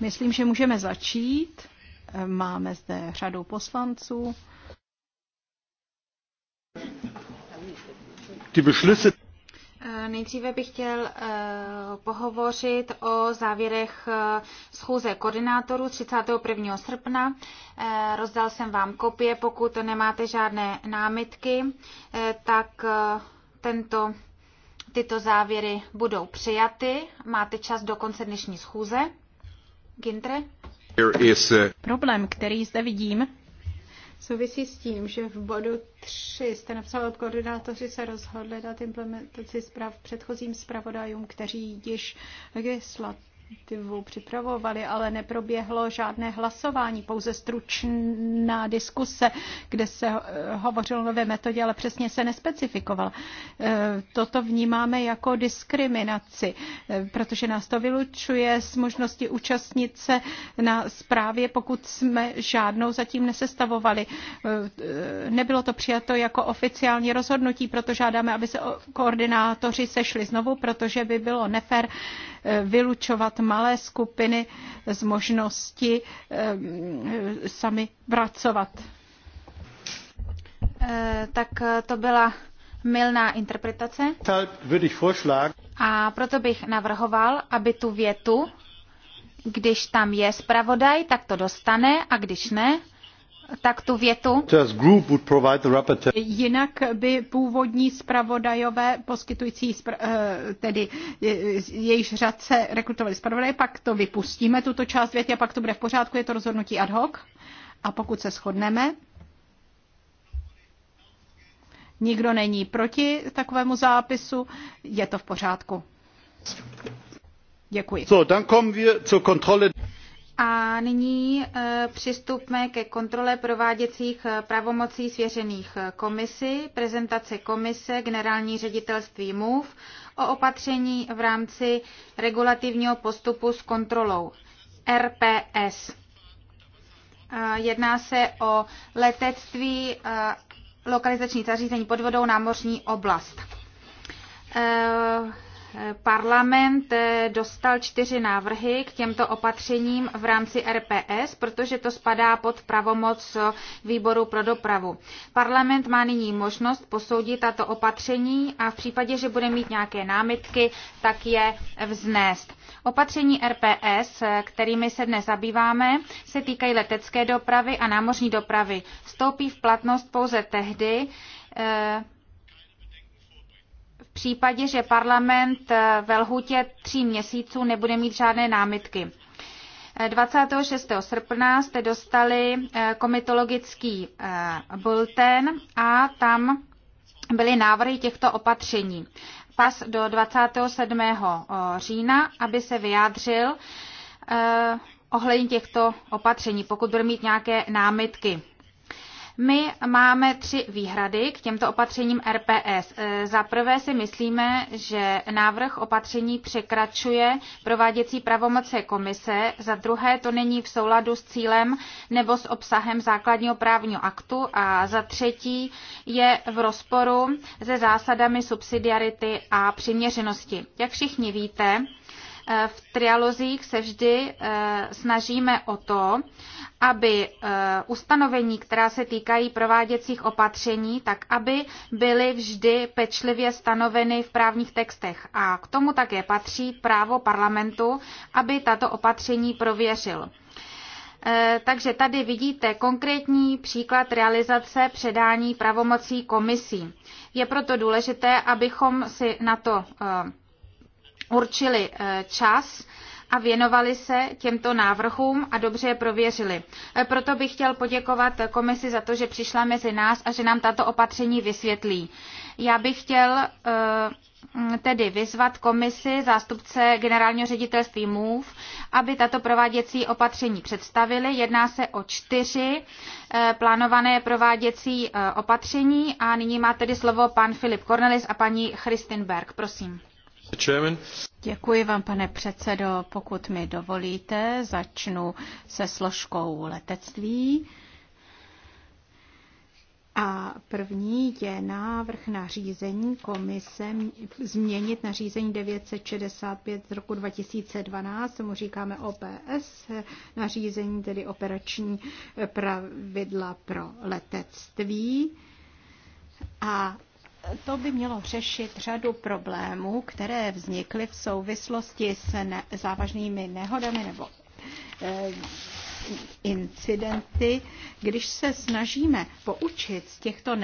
Myslím, že můžeme začít. Máme zde řadu poslanců. Die Nejdříve bych chtěl eh, pohovořit o závěrech eh, schůze koordinátorů 31. srpna. Eh, rozdal jsem vám kopie, pokud nemáte žádné námitky, tak tento Tyto závěry budou přijaty. Máte čas do konce dnešní schůze. Gintre? Uh, Problém, který zde vidím, souvisí s tím, že v bodu 3 jste napsal, od koordinátoři se rozhodli dát implementaci zpráv předchozím zpravodajům, kteří již legislativu legislativu připravovali, ale neproběhlo žádné hlasování, pouze stručná diskuse, kde se hovořilo o nové metodě, ale přesně se nespecifikoval. E, toto vnímáme jako diskriminaci, e, protože nás to vylučuje z možnosti účastnit se na zprávě, pokud jsme žádnou zatím nesestavovali. E, nebylo to přijato jako oficiální rozhodnutí, proto žádáme, aby se koordinátoři sešli znovu, protože by bylo nefér vylučovat malé skupiny z možnosti eh, sami pracovat. Eh, tak eh, to byla milná interpretace. A proto bych navrhoval, aby tu větu, když tam je zpravodaj, tak to dostane a když ne, tak tu větu. Jinak by původní zpravodajové poskytující, eh, tedy jejíž řad se rekrutovali zpravodaje, pak to vypustíme, tuto část věty, a pak to bude v pořádku, je to rozhodnutí ad hoc. A pokud se shodneme, nikdo není proti takovému zápisu, je to v pořádku. Děkuji. So, dann kommen wir zur Kontrolle. A nyní eh, přistupme ke kontrole prováděcích eh, pravomocí svěřených eh, komisi, prezentace komise, generální ředitelství MUV o opatření v rámci regulativního postupu s kontrolou RPS. Jedná se o letectví, lokalizační zařízení pod vodou, námořní oblast. Parlament eh, dostal čtyři návrhy k těmto opatřením v rámci RPS, protože to spadá pod pravomoc výboru pro dopravu. Parlament má nyní možnost posoudit tato opatření a v případě, že bude mít nějaké námitky, tak je vznést. Opatření RPS, eh, kterými se dnes zabýváme, se týkají letecké dopravy a námořní dopravy. Vstoupí v platnost pouze tehdy, eh, případě, že parlament eh, ve lhůtě tří měsíců nebude mít žádné námitky. 26. Eh, srpna jste dostali eh, komitologický bulten a tam byly návrhy těchto opatření. Pas do 27. října, aby se vyjádřil ohledně těchto opatření, pokud bude mít nějaké námitky. My máme tři výhrady k těmto opatřením RPS. E, za prvé si myslíme, že návrh opatření překračuje prováděcí pravomoce komise, za druhé to není v souladu s cílem nebo s obsahem základního právního aktu a za třetí je v rozporu se zásadami subsidiarity a přiměřenosti. Jak všichni víte, e, v trialozích se vždy e, snažíme o to, aby eh, ustanovení, která se týkají prováděcích opatření, tak aby byly vždy pečlivě stanoveny v právních textech. A k tomu také patří právo parlamentu, aby tato opatření prověřil. Eh, takže tady vidíte konkrétní příklad realizace předání pravomocí komisí. Je proto důležité, abychom si na to eh, určili čas a věnovali se těmto návrhům a dobře je prověřili. E, proto bych chtěl poděkovat komisi za to, že přišla mezi nás a že nám tato opatření vysvětlí. Já bych chtěl e, tedy vyzvat komisi zástupce generálního ředitelství MOVE, aby tato prováděcí opatření představili. Jedná se o čtyři e, plánované prováděcí opatření a nyní má tedy slovo pan Filip Cornelis a paní Berg, Prosím. Děkuji vám, pane předsedo. Pokud mi dovolíte, začnu se složkou letectví. A první je návrh na komise změnit nařízení 965 z roku 2012, tomu říkáme OPS, nařízení tedy operační pravidla pro letectví. A to by mělo řešit řadu problémů, které vznikly v souvislosti s ne- závažnými nehodami nebo eh, incidenty. Když se snažíme poučit z těchto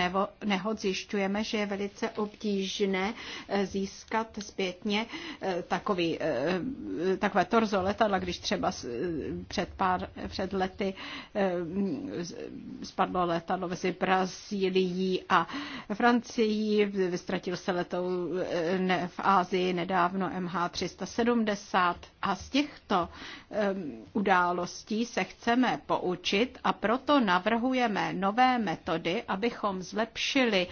nehod, zjišťujeme, že je velice obtížné eh, získat zpětně eh, takový, eh, takové torzo letadla, když třeba před, pár, před lety spadlo letadlo mezi Brazílií a Francií, vystratil se letou v Ázii nedávno MH370 a z těchto událostí se chceme poučit a proto navrhujeme nové metody, abychom zlepšili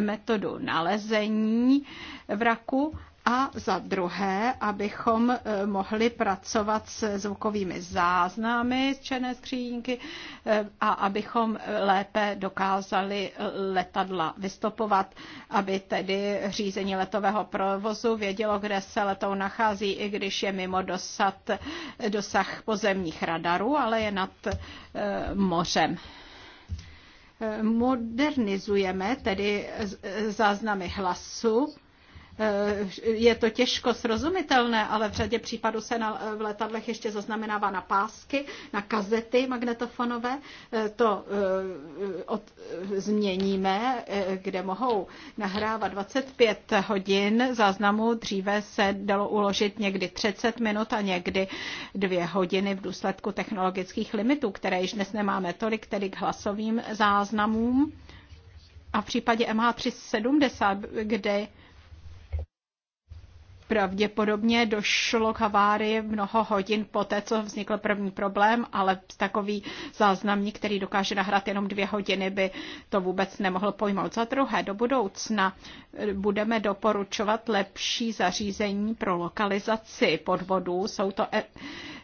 metodu nalezení vraku a za druhé, abychom eh, mohli pracovat s zvukovými záznamy z černé skřínky eh, a abychom lépe dokázali letadla vystopovat, aby tedy řízení letového provozu vědělo, kde se letou nachází, i když je mimo dosad, dosah pozemních radarů, ale je nad eh, mořem modernizujeme tedy záznamy hlasu Eh, je to těžko srozumitelné, ale v řadě případů se na, v letadlech ještě zaznamenává na pásky, na kazety magnetofonové. Eh, to eh, od, změníme, kde mohou nahrávat 25 hodin záznamu. Dříve se dalo uložit někdy 30 minut a někdy dvě hodiny v důsledku technologických limitů, které již dnes nemáme tolik, tedy k hlasovým záznamům. A v případě MH370, kde Pravděpodobně došlo k havárii mnoho hodin poté, co vznikl první problém, ale takový záznamník, který dokáže nahrát jenom dvě hodiny, by to vůbec nemohl pojmout. Za druhé, do budoucna budeme doporučovat lepší zařízení pro lokalizaci podvodů. Jsou to e-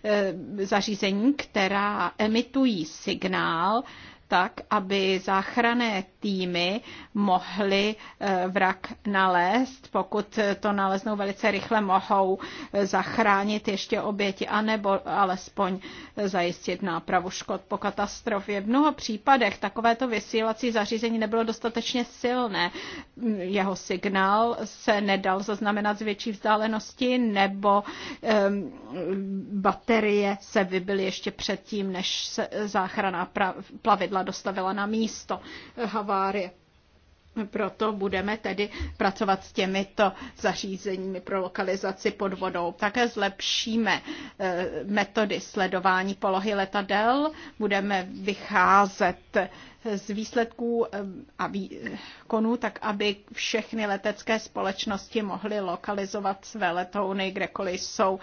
e- zařízení, která emitují signál, tak, aby záchrané týmy mohly eh, vrak nalézt. Pokud to naleznou velice rychle, mohou eh, zachránit ještě oběti, anebo alespoň eh, zajistit nápravu škod po katastrofě. V mnoha případech takovéto vysílací zařízení nebylo dostatečně silné. Mm, jeho signál se nedal zaznamenat z větší vzdálenosti, nebo um, baterie se vybily ještě předtím, než se záchrana plavidla dostavila na místo havárie akvárie. Proto budeme tedy pracovat s těmito zařízeními pro lokalizaci pod vodou. Také zlepšíme eh, metody sledování polohy letadel. Budeme vycházet z výsledků a výkonů, tak aby všechny letecké společnosti mohly lokalizovat své letouny, kdekoliv jsou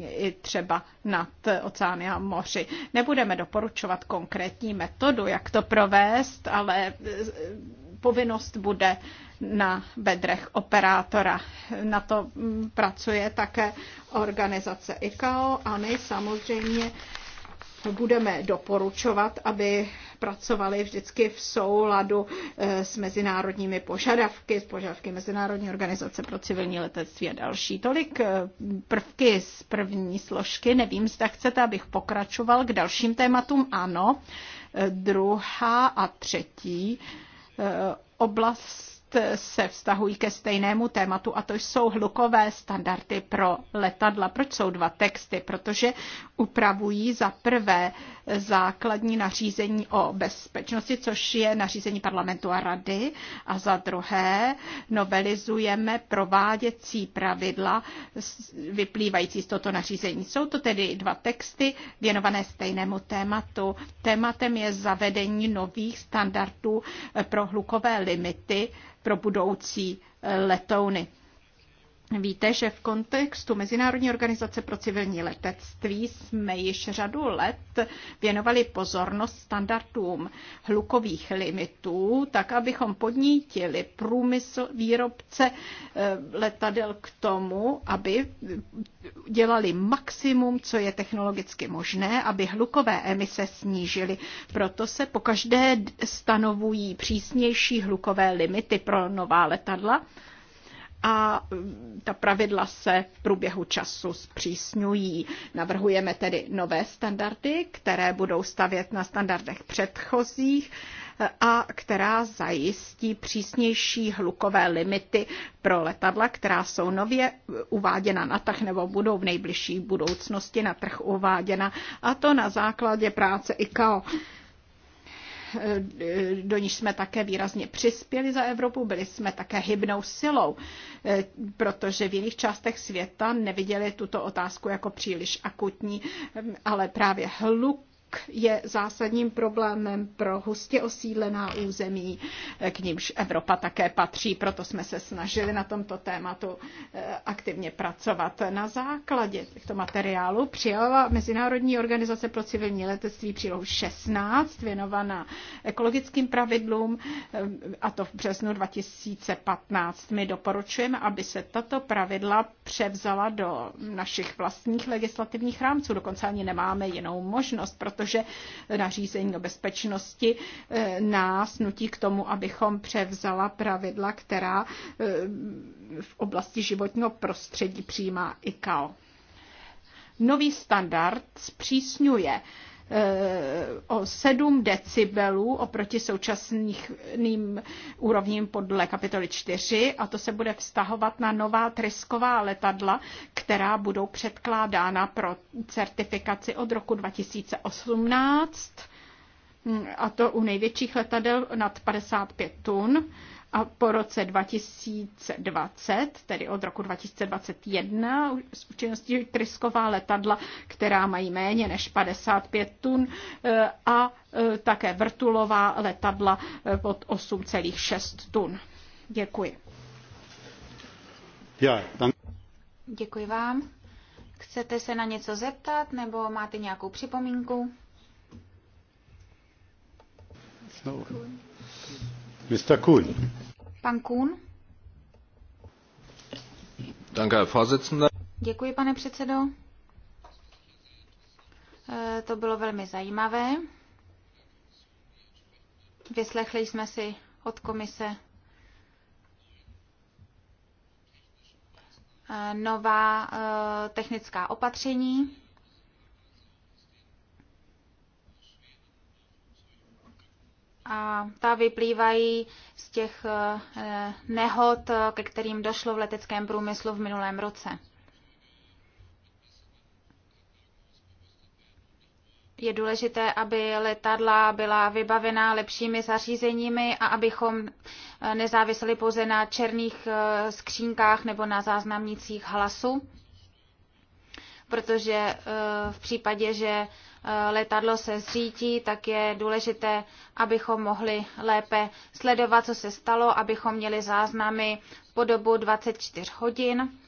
i třeba nad oceány a moři. Nebudeme doporučovat konkrétní metodu, jak to provést, ale e, povinnost bude na bedrech operátora. Na to pracuje také organizace ICAO a my samozřejmě budeme doporučovat, aby pracovali vždycky v souladu eh, s mezinárodními požadavky, s požadavky Mezinárodní organizace pro civilní letectví a další. Tolik eh, prvky z první složky. Nevím, zda chcete, abych pokračoval k dalším tématům. Ano. Eh, druhá a třetí oblast se vztahují ke stejnému tématu a to jsou hlukové standardy pro letadla. Proč jsou dva texty? Protože upravují za prvé základní nařízení o bezpečnosti, což je nařízení parlamentu a rady a za druhé novelizujeme prováděcí pravidla vyplývající z toto nařízení. Jsou to tedy dva texty věnované stejnému tématu. Tématem je zavedení nových standardů pro hlukové limity pro budoucí eh, letouny. Víte, že v kontextu Mezinárodní organizace pro civilní letectví jsme již řadu let věnovali pozornost standardům hlukových limitů, tak abychom podnítili průmysl výrobce eh, letadel k tomu, aby dělali maximum, co je technologicky možné, aby hlukové emise snížily. Proto se po každé stanovují přísnější hlukové limity pro nová letadla a mm, ta pravidla se v průběhu času zpřísňují. Navrhujeme tedy nové standardy, které budou stavět na standardech předchozích eh, a která zajistí přísnější hlukové limity pro letadla, která jsou nově eh, uváděna na trh nebo budou v nejbližší budoucnosti na trh uváděna. A to na základě práce ICAO do níž jsme také výrazně přispěli za Evropu, byli jsme také hybnou silou, eh, protože v jiných částech světa neviděli tuto otázku jako příliš akutní, eh, ale právě hluk je zásadním problémem pro hustě osídlená území, k nímž Evropa také patří, proto jsme se snažili na tomto tématu eh, aktivně pracovat. Na základě těchto materiálů přijala Mezinárodní organizace pro civilní letectví přílohu 16, věnovaná ekologickým pravidlům, eh, a to v březnu 2015. My doporučujeme, aby se tato pravidla převzala do našich vlastních legislativních rámců. Dokonce ani nemáme jinou možnost, protože protože nařízení o bezpečnosti eh, nás nutí k tomu, abychom převzala pravidla, která eh, v oblasti životního prostředí přijímá ICAO. Nový standard zpřísňuje Eh, o 7 decibelů oproti současným úrovním podle kapitoly 4 a to se bude vztahovat na nová trysková letadla, která budou předkládána pro certifikaci od roku 2018 hm, a to u největších letadel nad 55 tun a po roce 2020, tedy od roku 2021, s účinností trysková letadla, která mají méně než 55 tun eh, a eh, také vrtulová letadla eh, pod 8,6 tun. Děkuji. Já, tam... Děkuji vám. Chcete se na něco zeptat nebo máte nějakou připomínku? Mr. Kuhn. Pan Kuhn. Děkuji, pane předsedo. Eh, to bylo velmi zajímavé. Vyslechli jsme si od komise eh, nová eh, technická opatření a ta vyplývají z těch eh, nehod, ke kterým došlo v leteckém průmyslu v minulém roce. Je důležité, aby letadla byla vybavená lepšími zařízeními a abychom eh, nezáviseli pouze na černých eh, skřínkách nebo na záznamnicích hlasu protože eh, v případě, že eh, letadlo se zřítí, tak je důležité, abychom mohli lépe sledovat, co se stalo, abychom měli záznamy po dobu 24 hodin,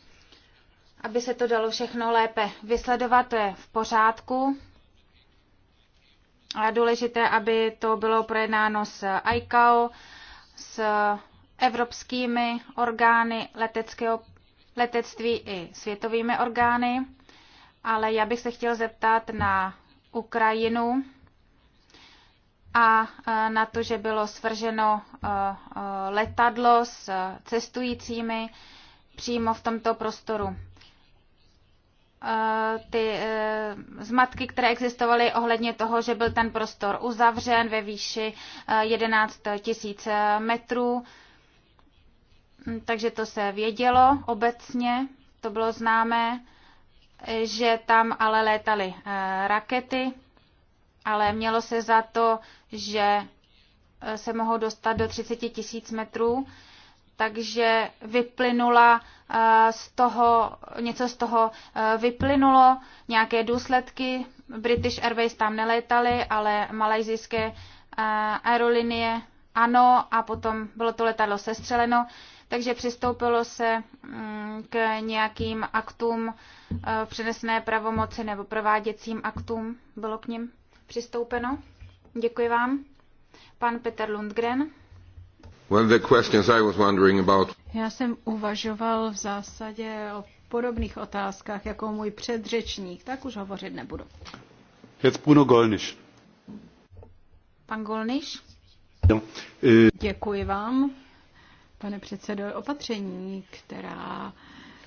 aby se to dalo všechno lépe vysledovat, to je v pořádku. A důležité, aby to bylo projednáno s ICAO, s evropskými orgány leteckého letectví i světovými orgány ale já bych se chtěl zeptat na Ukrajinu a e, na to, že bylo svrženo e, e, letadlo s cestujícími přímo v tomto prostoru. Ty zmatky, které existovaly ohledně toho, že byl ten prostor uzavřen ve výši 11 000 metrů, takže to se vědělo obecně, to bylo známé že tam ale létaly eh, rakety, ale mělo se za to, že eh, se mohou dostat do 30 tisíc metrů, takže vyplynula eh, z toho, něco z toho vyplynulo, nějaké důsledky. British Airways tam nelétaly, ale malajzijské aerolinie ano, a potom bylo to letadlo sestřeleno takže přistoupilo se mm, k nějakým aktům eh, přenesné pravomoci nebo prováděcím aktům. Bylo k ním přistoupeno? Děkuji vám. Pan Peter Lundgren. Well, the questions I was wondering about... Já jsem uvažoval v zásadě o podobných otázkách jako můj předřečník, tak už hovořit nebudu. Jetzt Bruno Golnisch. Pan Golnisch? No. Eh. Děkuji vám. Pane předsedo, opatření, která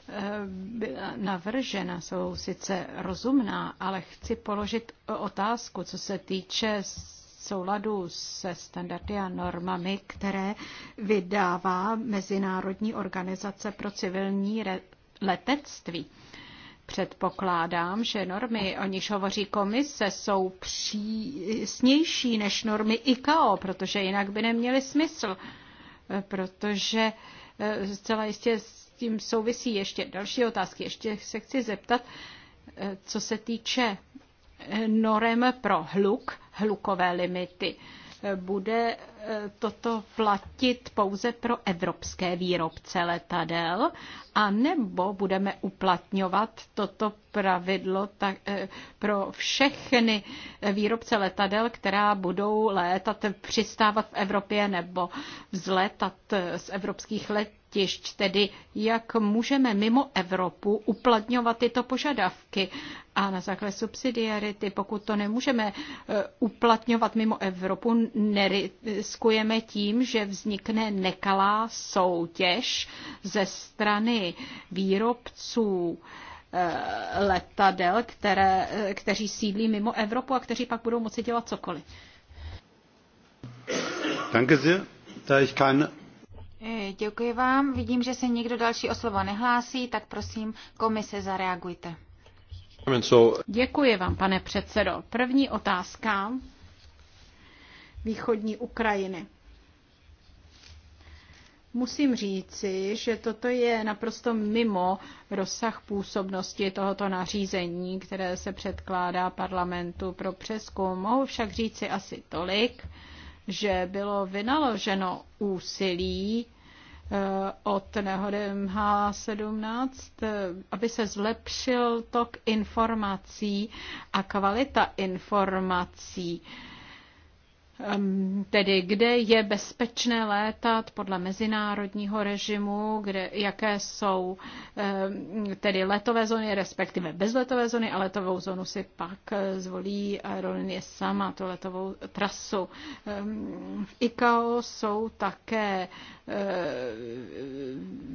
eh, byla navržena, jsou sice rozumná, ale chci položit otázku, co se týče souladu se standardy a normami, které vydává Mezinárodní organizace pro civilní letectví. Předpokládám, že normy, o nichž hovoří komise, jsou přísnější než normy ICAO, protože jinak by neměly smysl. Uh, protože eh, zcela jistě s tím souvisí ještě další otázky. Ještě se chci zeptat, eh, co se týče eh, norem pro hluk, hlukové limity. Bude toto platit pouze pro evropské výrobce letadel, a nebo budeme uplatňovat toto pravidlo tak, eh, pro všechny výrobce letadel, která budou létat, přistávat v Evropě nebo vzlétat eh, z evropských letišť, tedy jak můžeme mimo Evropu uplatňovat tyto požadavky a na základě subsidiarity, pokud to nemůžeme eh, uplatňovat mimo Evropu, riskujeme tím, že vznikne nekalá soutěž ze strany výrobců eh, letadel, které, eh, kteří sídlí mimo Evropu a kteří pak budou moci dělat cokoliv. Eh, děkuji vám. Vidím, že se někdo další o slovo nehlásí, tak prosím, komise, zareagujte. Děkuji vám, pane předsedo. První otázka východní Ukrajiny. Musím říci, že toto je naprosto mimo rozsah působnosti tohoto nařízení, které se předkládá parlamentu pro přeskum. Mohu však říci asi tolik, že bylo vynaloženo úsilí eh, od nehody MH17, eh, aby se zlepšil tok informací a kvalita informací tedy kde je bezpečné létat podle mezinárodního režimu, kde, jaké jsou tedy letové zóny, respektive bezletové zóny a letovou zónu si pak eh, zvolí aerolinie sama, tu letovou trasu. V ICAO jsou také eh,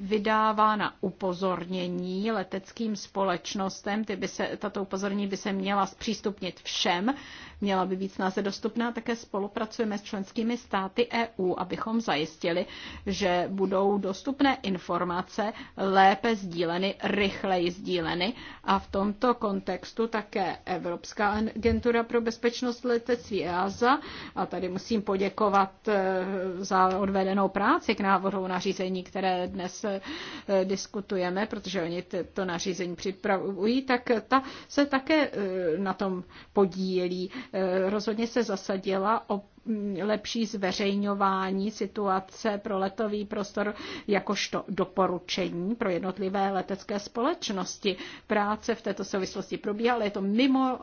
vydávána upozornění leteckým společnostem, ty by se, tato upozornění by se měla zpřístupnit všem měla by být snáze dostupná. Také spolupracujeme s členskými státy EU, abychom zajistili, že budou dostupné informace lépe sdíleny, rychleji sdíleny a v tomto kontextu také Evropská agentura pro bezpečnost letectví EASA a tady musím poděkovat eh, za odvedenou práci k návrhu nařízení, které dnes eh, diskutujeme, protože oni to nařízení připravují, tak ta se také eh, na tom podílí. Eh, rozhodně se zasadila o lepší zveřejňování situace pro letový prostor jakožto doporučení pro jednotlivé letecké společnosti. Práce v této souvislosti probíhá, ale je to mimo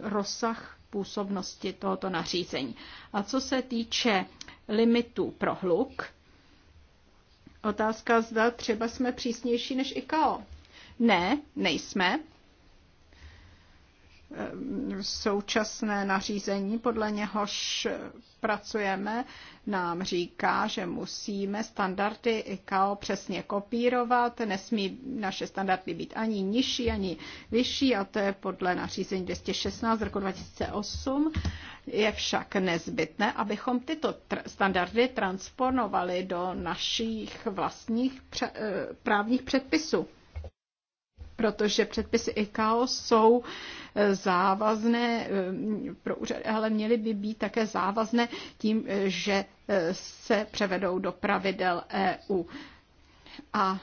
rozsah působnosti tohoto nařízení. A co se týče limitů pro hluk, otázka zda třeba jsme přísnější než ICAO. Ne, nejsme. Eh, současné nařízení, podle něhož pracujeme, nám říká, že musíme standardy ICAO přesně kopírovat, nesmí naše standardy být ani nižší, ani vyšší, a to je podle nařízení 216 z roku 2008. Je však nezbytné, abychom tyto tr- standardy transponovali do našich vlastních pře- eh, právních předpisů protože předpisy ICAO jsou eh, závazné eh, pro úřady, ale měly by být také závazné tím, eh, že se převedou do pravidel EU. A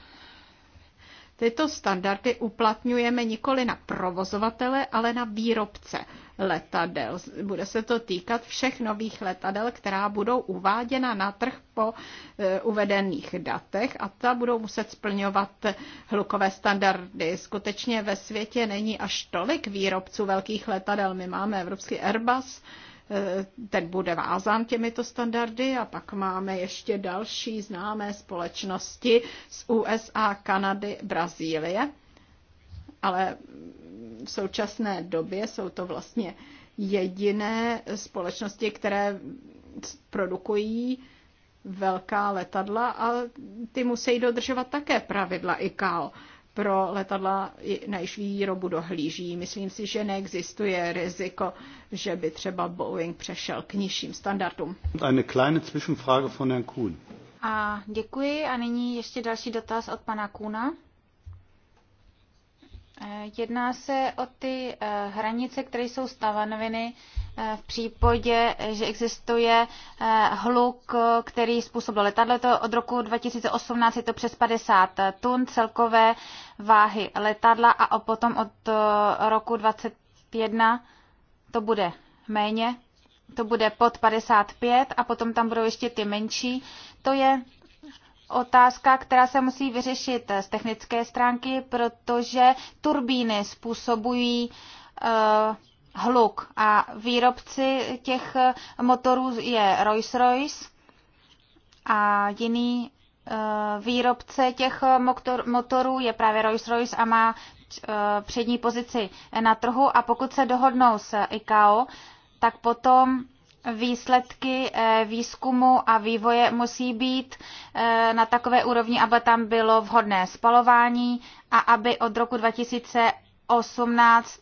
tyto standardy uplatňujeme nikoli na provozovatele, ale na výrobce letadel. Bude se to týkat všech nových letadel, která budou uváděna na trh po eh, uvedených datech a ta budou muset splňovat hlukové standardy. Skutečně ve světě není až tolik výrobců velkých letadel. My máme evropský Airbus, eh, ten bude vázán těmito standardy a pak máme ještě další známé společnosti z USA, Kanady, Brazílie ale v současné době jsou to vlastně jediné společnosti, které produkují velká letadla a ty musí dodržovat také pravidla ICAO. Pro letadla na již výrobu dohlíží. Myslím si, že neexistuje riziko, že by třeba Boeing přešel k nižším standardům. Eine kleine Zwischenfrage von Herrn Kuhn. A děkuji a nyní ještě další dotaz od pana Kuna. Jedná se o ty eh, hranice, které jsou stanoveny eh, v případě, že existuje eh, hluk, který způsobil letadlo. To od roku 2018 je to přes 50 tun celkové váhy letadla a potom od roku 2021 to bude méně, to bude pod 55 a potom tam budou ještě ty menší. To je otázka, která se musí vyřešit z technické stránky, protože turbíny způsobují eh, hluk a výrobci těch eh, motorů je Rolls-Royce a jiný eh, výrobce těch motorů je právě Rolls-Royce a má přední pozici na trhu a pokud se dohodnou s ICAO, tak potom výsledky eh, výzkumu a vývoje musí být eh, na takové úrovni, aby tam bylo vhodné spalování a aby od roku 2000 2018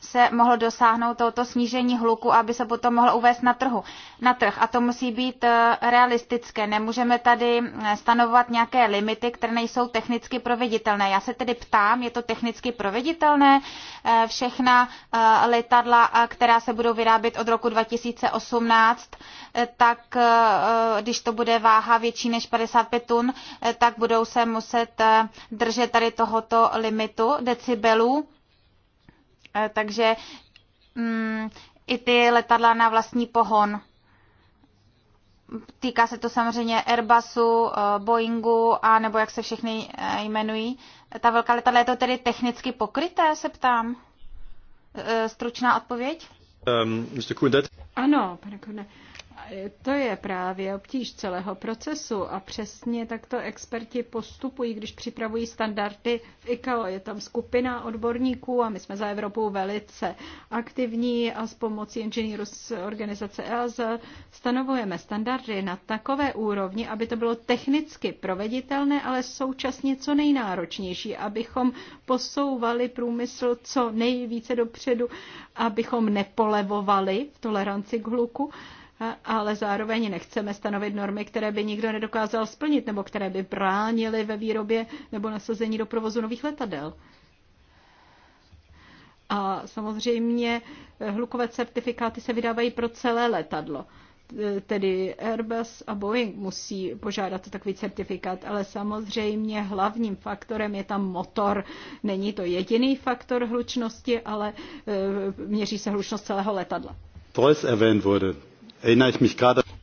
se mohlo dosáhnout tohoto snížení hluku, aby se potom mohlo uvést na, trhu, na trh. A to musí být eh, realistické. Nemůžeme tady eh, stanovovat nějaké limity, které nejsou technicky proveditelné. Já se tedy ptám, je to technicky proveditelné? Eh, všechna letadla, která se budou vyrábět od roku 2018, tak když to bude váha větší než 55 tun, tak budou se muset držet tady tohoto limitu decibelů Eh, takže mm, i ty letadla na vlastní pohon. Týká se to samozřejmě Airbusu, eh, Boeingu a nebo jak se všechny eh, jmenují. Ta velká letadla, je to tedy technicky pokryté, se ptám? Stručná odpověď? Um, Mr. Ano, pane Kuhne to je právě obtíž celého procesu a přesně takto experti postupují, když připravují standardy v ICAO. Je tam skupina odborníků a my jsme za Evropou velice aktivní a s pomocí inženýrů z organizace EAS stanovujeme standardy na takové úrovni, aby to bylo technicky proveditelné, ale současně co nejnáročnější, abychom posouvali průmysl co nejvíce dopředu, abychom nepolevovali v toleranci k hluku, ale zároveň nechceme stanovit normy, které by nikdo nedokázal splnit nebo které by bránily ve výrobě nebo nasazení do provozu nových letadel. A samozřejmě eh, hlukové certifikáty se vydávají pro celé letadlo eh, tedy Airbus a Boeing musí požádat o takový certifikát, ale samozřejmě hlavním faktorem je tam motor. Není to jediný faktor hlučnosti, ale eh, měří se hlučnost celého letadla. Preuß erwähnt wurde.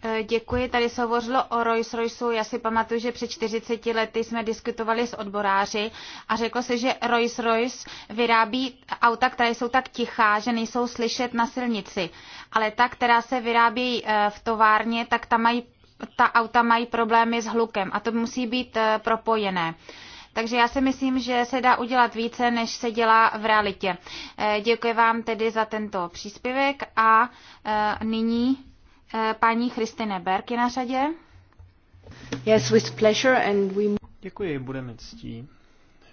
Eh, děkuji, tady se hovořilo o Rolls royce Já si pamatuju, že před 40 lety jsme diskutovali s odboráři a řeklo se, že Rolls Royce vyrábí auta, která jsou tak tichá, že nejsou slyšet na silnici. Ale ta, která se vyrábí eh, v továrně, tak ta, mají, ta auta mají problémy s hlukem a to musí být eh, propojené. Takže já si myslím, že se dá udělat více, než se dělá v realitě. Děkuji vám tedy za tento příspěvek a nyní Eh, paní Christine Berg je na řadě. Yes, with pleasure and we... Děkuji, budeme ctí.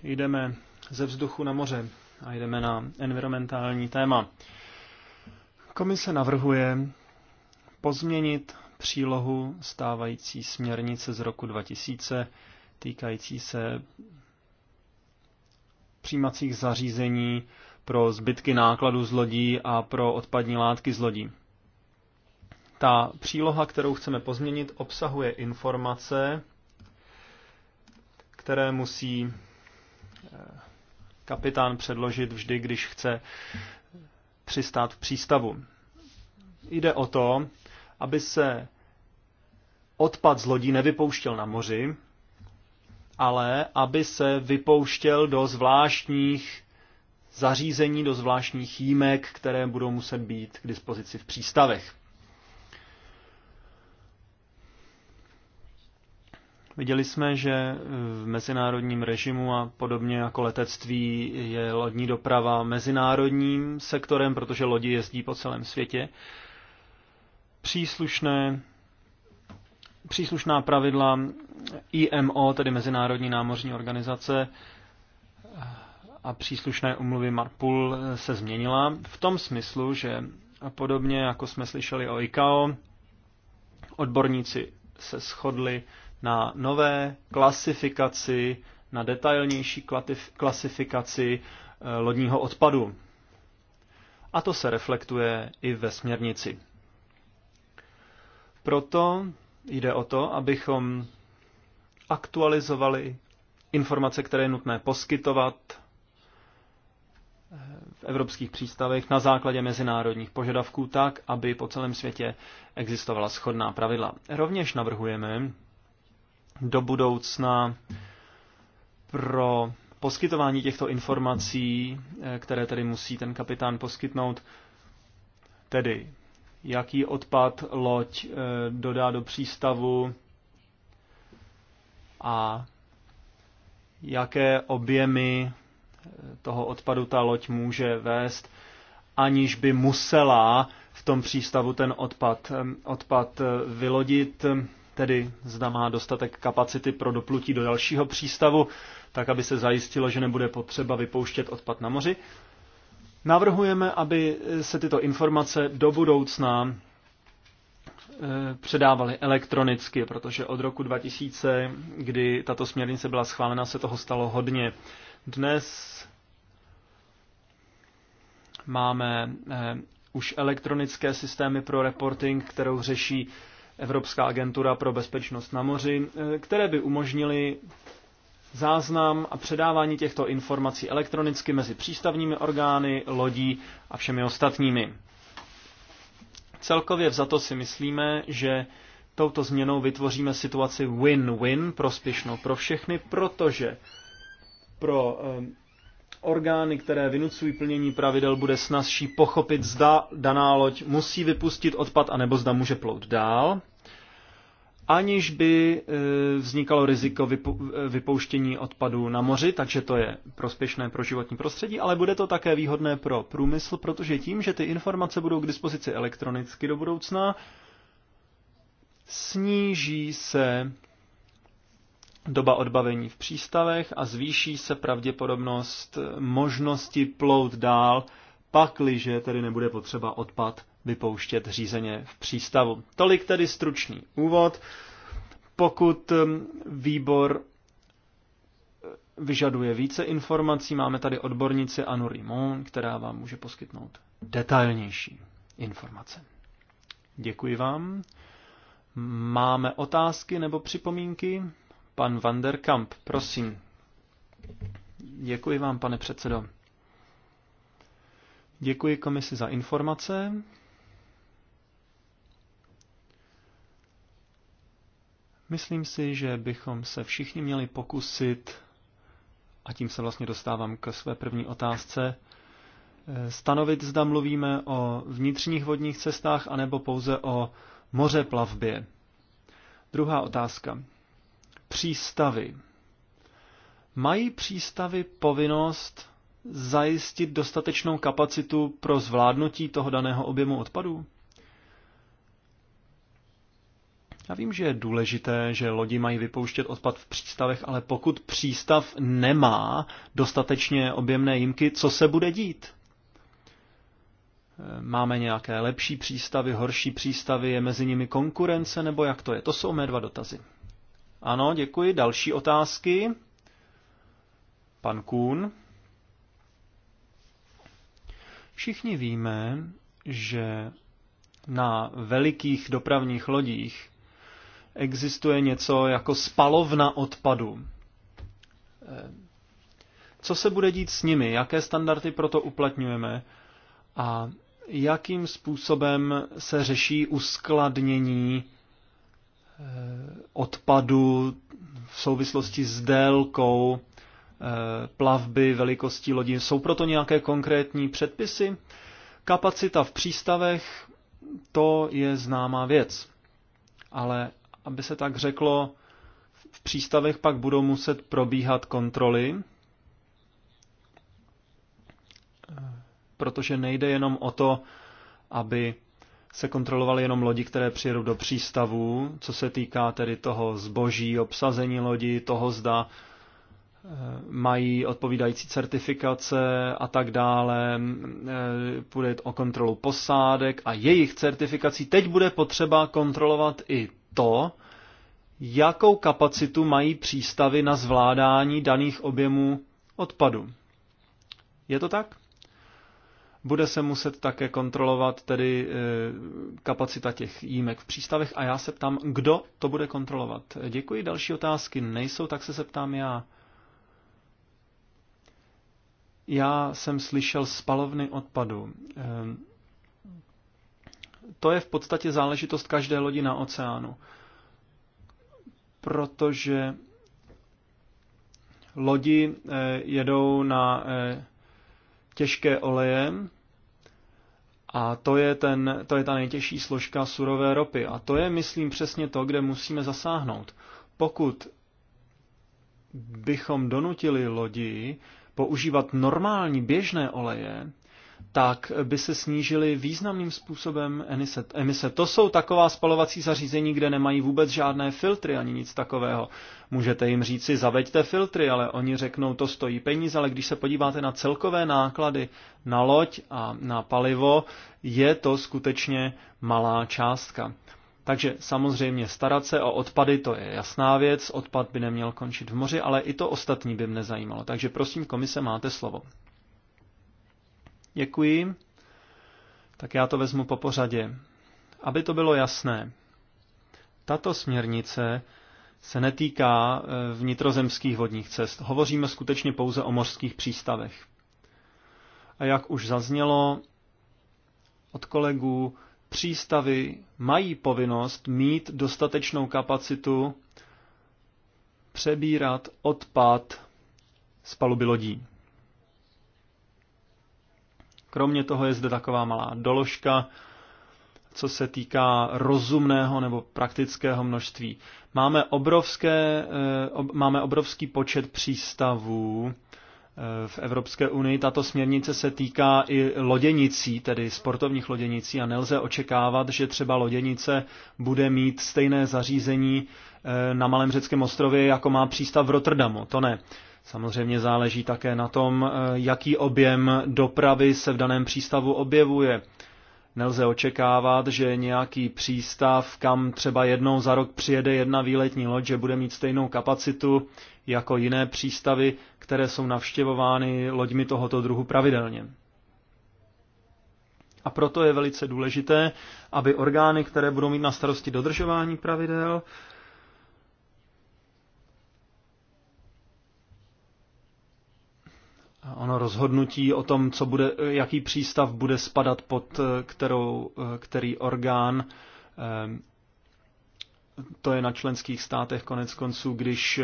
Jdeme ze vzduchu na moře a jdeme na environmentální téma. Komise navrhuje pozměnit přílohu stávající směrnice z roku 2000 týkající se přijímacích zařízení pro zbytky nákladu z lodí a pro odpadní látky z lodí. Ta příloha, kterou chceme pozměnit, obsahuje informace, které musí eh, kapitán předložit vždy, když chce přistát v přístavu. Jde o to, aby se odpad z lodí nevypouštěl na moři, ale aby se vypouštěl do zvláštních zařízení, do zvláštních jímek, které budou muset být k dispozici v přístavech. Viděli jsme, že v mezinárodním režimu a podobně jako letectví je lodní doprava mezinárodním sektorem, protože lodi jezdí po celém světě. Příslušné příslušná pravidla IMO, tedy Mezinárodní námořní organizace, a příslušné umluvy Marpul se změnila v tom smyslu, že podobně jako jsme slyšeli o ICAO, odborníci se shodli na nové klasifikaci, na detailnější klasifikaci eh, lodního odpadu. A to se reflektuje i ve směrnici. Proto jde o to, abychom aktualizovali informace, které je nutné poskytovat eh, v evropských přístavech na základě mezinárodních požadavků tak, aby po celém světě existovala shodná pravidla. Rovněž navrhujeme, do budoucna pro poskytování těchto informací, eh, které tedy musí ten kapitán poskytnout, tedy jaký odpad loď eh, dodá do přístavu a jaké objemy eh, toho odpadu ta loď může vést, aniž by musela v tom přístavu ten odpad, odpad vylodit tedy zda má dostatek kapacity pro doplutí do dalšího přístavu, tak aby se zajistilo, že nebude potřeba vypouštět odpad na moři. Navrhujeme, aby se tyto informace do budoucna eh, předávaly elektronicky, protože od roku 2000, kdy tato směrnice byla schválena, se toho stalo hodně. Dnes máme eh, už elektronické systémy pro reporting, kterou řeší Evropská agentura pro bezpečnost na moři, eh, které by umožnily záznam a předávání těchto informací elektronicky mezi přístavními orgány, lodí a všemi ostatními. Celkově vzato si myslíme, že touto změnou vytvoříme situaci win-win prospěšnou pro všechny, protože pro eh, orgány, které vynucují plnění pravidel, bude snazší pochopit, zda daná loď musí vypustit odpad, anebo zda může plout dál, aniž by e, vznikalo riziko e, vypouštění odpadu na moři, takže to je prospěšné pro životní prostředí, ale bude to také výhodné pro průmysl, protože tím, že ty informace budou k dispozici elektronicky do budoucna, sníží se doba odbavení v přístavech a zvýší se pravděpodobnost možnosti plout dál, pakliže tedy nebude potřeba odpad vypouštět řízeně v přístavu. Tolik tedy stručný úvod. Pokud um, výbor uh, vyžaduje více informací, máme tady odbornici Anu Rimon, která vám může poskytnout detailnější informace. Děkuji vám. Máme otázky nebo připomínky? Pan Van der Kamp, prosím. Děkuji vám, pane předsedo. Děkuji komisi za informace. Myslím si, že bychom se všichni měli pokusit, a tím se vlastně dostávám k své první otázce, stanovit, zda mluvíme o vnitřních vodních cestách anebo pouze o mořeplavbě. Druhá otázka přístavy. Mají přístavy povinnost zajistit dostatečnou kapacitu pro zvládnutí toho daného objemu odpadů? Já vím, že je důležité, že lodi mají vypouštět odpad v přístavech, ale pokud přístav nemá dostatečně objemné jímky, co se bude dít? Máme nějaké lepší přístavy, horší přístavy, je mezi nimi konkurence, nebo jak to je? To jsou mé dva dotazy. Ano, děkuji. Další otázky? Pan Kůn. Všichni víme, že na velikých dopravních lodích existuje něco jako spalovna odpadu. Eh, co se bude dít s nimi? Jaké standardy pro to uplatňujeme? A jakým způsobem se řeší uskladnění Eh, odpadu v souvislosti s délkou eh, plavby, velikostí lodí. Jsou proto nějaké konkrétní předpisy? Kapacita v přístavech, to je známá věc. Ale aby se tak řeklo, v přístavech pak budou muset probíhat kontroly, eh, protože nejde jenom o to, aby se kontrolovaly jenom lodi, které přijedou do přístavu, co se týká tedy toho zboží, obsazení lodi, toho zda eh, mají odpovídající certifikace a tak dále. Eh, půjde o kontrolu posádek a jejich certifikací. Teď bude potřeba kontrolovat i to, jakou kapacitu mají přístavy na zvládání daných objemů odpadu. Je to tak? Bude se muset také kontrolovat tedy eh, kapacita těch jímek v přístavech a já se ptám, kdo to bude kontrolovat. Děkuji, další otázky nejsou, tak se se ptám já. Já jsem slyšel spalovny odpadu. Eh, to je v podstatě záležitost každé lodi na oceánu. Protože lodi eh, jedou na těžké oleje a to je, ten, to je ta nejtěžší složka surové ropy. A to je, myslím, přesně to, kde musíme zasáhnout. Pokud bychom donutili lodi používat normální běžné oleje, tak by se snížily významným způsobem emise. To jsou taková spalovací zařízení, kde nemají vůbec žádné filtry ani nic takového. Můžete jim říci, zaveďte filtry, ale oni řeknou, to stojí peníze, ale když se podíváte na celkové náklady na loď a na palivo, je to skutečně malá částka. Takže samozřejmě starat se o odpady, to je jasná věc, odpad by neměl končit v moři, ale i to ostatní by mne zajímalo. Takže prosím, komise, máte slovo. Děkuji. Tak já to vezmu po pořadě. Aby to bylo jasné, tato směrnice se netýká eh, vnitrozemských vodních cest. Hovoříme skutečně pouze o mořských přístavech. A jak už zaznělo od kolegů, přístavy mají povinnost mít dostatečnou kapacitu přebírat odpad z paluby lodí. Kromě toho je zde taková malá doložka, co se týká rozumného nebo praktického množství. Máme, obrovské, eh, máme obrovský počet přístavů eh, v Evropské unii. Tato směrnice se týká i loděnicí, tedy sportovních loděnicí a nelze očekávat, že třeba loděnice bude mít stejné zařízení eh, na Malém řeckém ostrově, jako má přístav v Rotterdamu. To ne. Samozřejmě záleží také na tom, eh, jaký objem dopravy se v daném přístavu objevuje. Nelze očekávat, že nějaký přístav, kam třeba jednou za rok přijede jedna výletní loď, že bude mít stejnou kapacitu jako jiné přístavy, které jsou navštěvovány loďmi tohoto druhu pravidelně. A proto je velice důležité, aby orgány, které budou mít na starosti dodržování pravidel, Ono rozhodnutí o tom, co bude, jaký přístav bude spadat pod eh, kterou, eh, který orgán, eh, to je na členských státech konec konců, když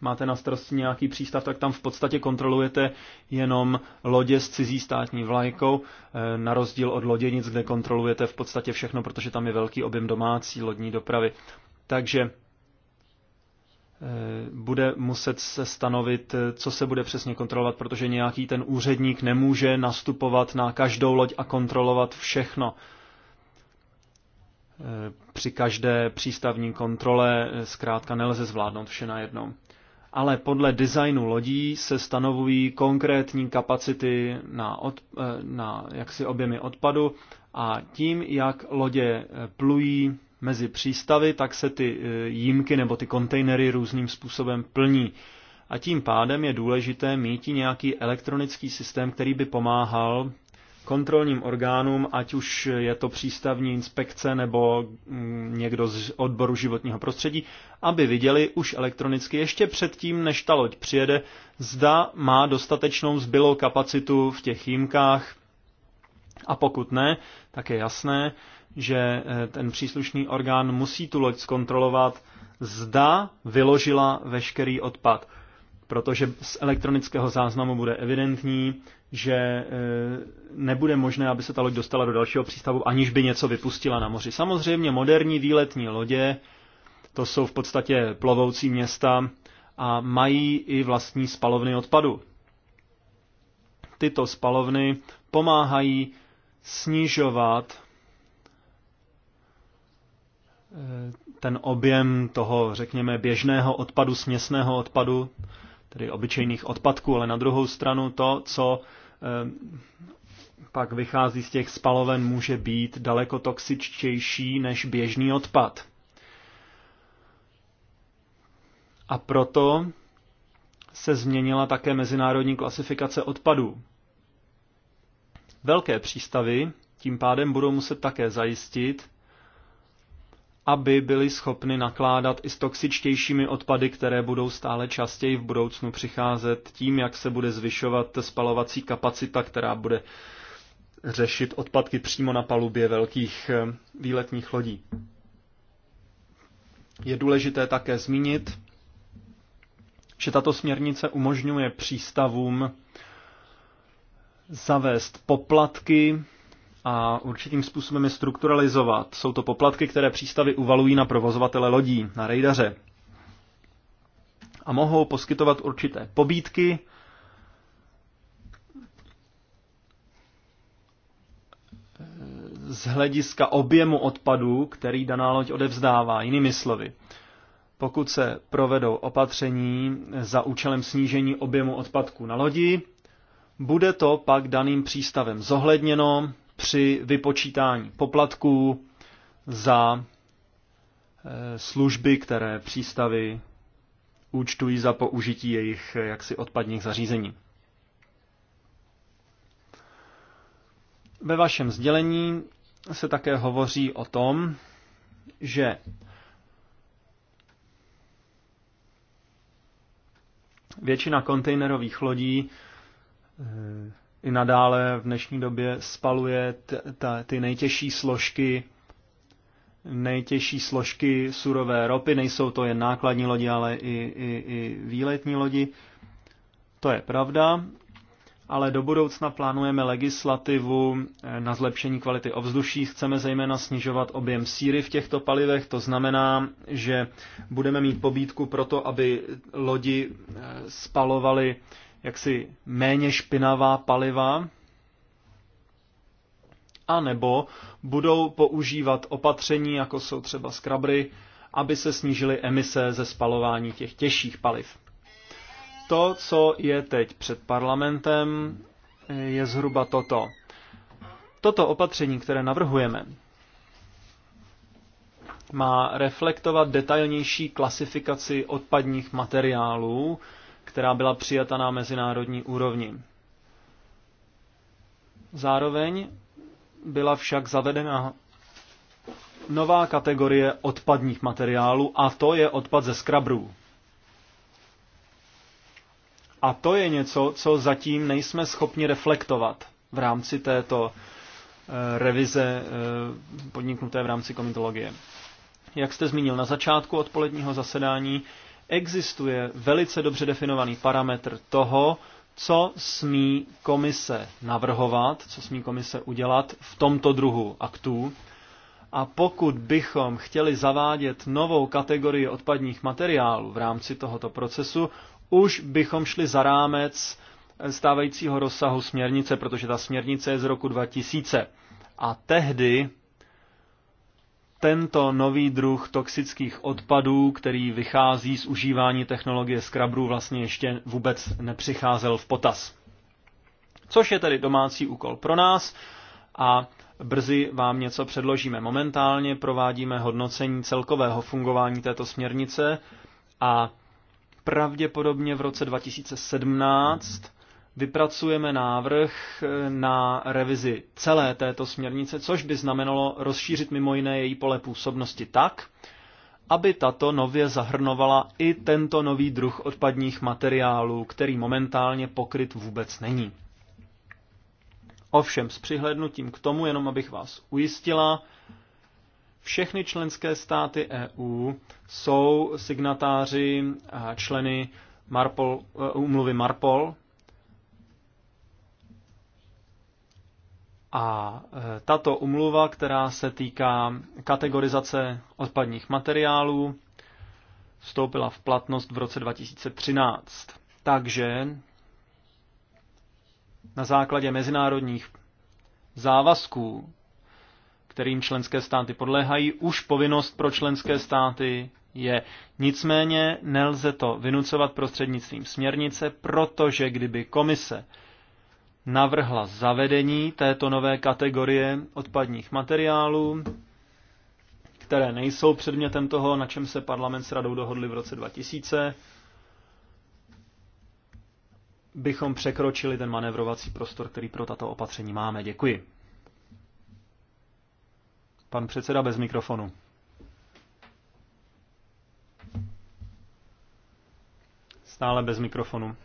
máte na starosti nějaký přístav, tak tam v podstatě kontrolujete jenom lodě s cizí státní vlajkou, na rozdíl od loděnic, kde kontrolujete v podstatě všechno, protože tam je velký objem domácí lodní dopravy. Takže Eh, bude muset se stanovit, eh, co se bude přesně kontrolovat, protože nějaký ten úředník nemůže nastupovat na každou loď a kontrolovat všechno. Eh, při každé přístavní kontrole zkrátka nelze zvládnout vše najednou. Ale podle designu lodí se stanovují konkrétní kapacity na, od, na jaksi objemy odpadu a tím, jak lodě plují mezi přístavy, tak se ty e, jímky nebo ty kontejnery různým způsobem plní. A tím pádem je důležité mít nějaký elektronický systém, který by pomáhal kontrolním orgánům, ať už je to přístavní inspekce nebo mm, někdo z odboru životního prostředí, aby viděli už elektronicky ještě předtím, než ta loď přijede, zda má dostatečnou zbylou kapacitu v těch jímkách a pokud ne, tak je jasné, že eh, ten příslušný orgán musí tu loď zkontrolovat, zda vyložila veškerý odpad. Protože z elektronického záznamu bude evidentní, že eh, nebude možné, aby se ta loď dostala do dalšího přístavu, aniž by něco vypustila na moři. Samozřejmě moderní výletní lodě, to jsou v podstatě plovoucí města a mají i vlastní spalovny odpadu. Tyto spalovny pomáhají snižovat ten objem toho, řekněme, běžného odpadu, směsného odpadu, tedy obyčejných odpadků, ale na druhou stranu to, co eh, pak vychází z těch spaloven, může být daleko toxičtější než běžný odpad. A proto se změnila také mezinárodní klasifikace odpadů. Velké přístavy tím pádem budou muset také zajistit, aby byly schopny nakládat i s toxičtějšími odpady, které budou stále častěji v budoucnu přicházet tím, jak se bude zvyšovat spalovací kapacita, která bude řešit odpadky přímo na palubě velkých eh, výletních lodí. Je důležité také zmínit, že tato směrnice umožňuje přístavům zavést poplatky a určitým způsobem je strukturalizovat. Jsou to poplatky, které přístavy uvalují na provozovatele lodí, na rejdaře. A mohou poskytovat určité pobídky, eh, z hlediska objemu odpadu, který daná loď odevzdává. Jinými slovy, pokud se provedou opatření za účelem snížení objemu odpadku na lodi, bude to pak daným přístavem zohledněno při vypočítání poplatků za eh, služby, které přístavy účtují za použití jejich eh, jaksi odpadních zařízení. Ve vašem sdělení se také hovoří o tom, že většina kontejnerových lodí eh, i nadále v dnešní době spaluje ty nejtěžší složky nejtěžší složky surové ropy, nejsou to jen nákladní lodi, ale i, i, i výletní lodi. To je pravda, ale do budoucna plánujeme legislativu eh, na zlepšení kvality ovzduší. Chceme zejména snižovat objem síry v těchto palivech, to znamená, že budeme mít pobídku pro to, aby lodi eh, spalovaly jaksi méně špinavá paliva, a nebo budou používat opatření, jako jsou třeba skrabry, aby se snížily emise ze spalování těch těžších paliv. To, co je teď před parlamentem, je zhruba toto. Toto opatření, které navrhujeme, má reflektovat detailnější klasifikaci odpadních materiálů, která byla přijata na mezinárodní úrovni. Zároveň byla však zavedena nová kategorie odpadních materiálů a to je odpad ze skrabrů. A to je něco, co zatím nejsme schopni reflektovat v rámci této eh, revize eh, podniknuté v rámci komitologie. Jak jste zmínil na začátku odpoledního zasedání, existuje velice dobře definovaný parametr toho, co smí komise navrhovat, co smí komise udělat v tomto druhu aktů. A pokud bychom chtěli zavádět novou kategorii odpadních materiálů v rámci tohoto procesu, už bychom šli za rámec stávajícího rozsahu směrnice, protože ta směrnice je z roku 2000. A tehdy tento nový druh toxických odpadů, který vychází z užívání technologie skrabrů, vlastně ještě vůbec nepřicházel v potaz. Což je tedy domácí úkol pro nás a brzy vám něco předložíme. Momentálně provádíme hodnocení celkového fungování této směrnice a pravděpodobně v roce 2017 vypracujeme návrh eh, na revizi celé této směrnice, což by znamenalo rozšířit mimo jiné její pole působnosti tak, aby tato nově zahrnovala i tento nový druh odpadních materiálů, který momentálně pokryt vůbec není. Ovšem s přihlednutím k tomu, jenom abych vás ujistila, všechny členské státy EU jsou signatáři a členy Marpol, umluvy eh, Marpol, A e, tato umluva, která se týká kategorizace odpadních materiálů, vstoupila v platnost v roce 2013. Takže na základě mezinárodních závazků, kterým členské státy podléhají, už povinnost pro členské státy je. Nicméně nelze to vynucovat prostřednictvím směrnice, protože kdyby komise navrhla zavedení této nové kategorie odpadních materiálů, které nejsou předmětem toho, na čem se parlament s radou dohodli v roce 2000, bychom překročili ten manevrovací prostor, který pro tato opatření máme. Děkuji. Pan předseda bez mikrofonu. Stále bez mikrofonu.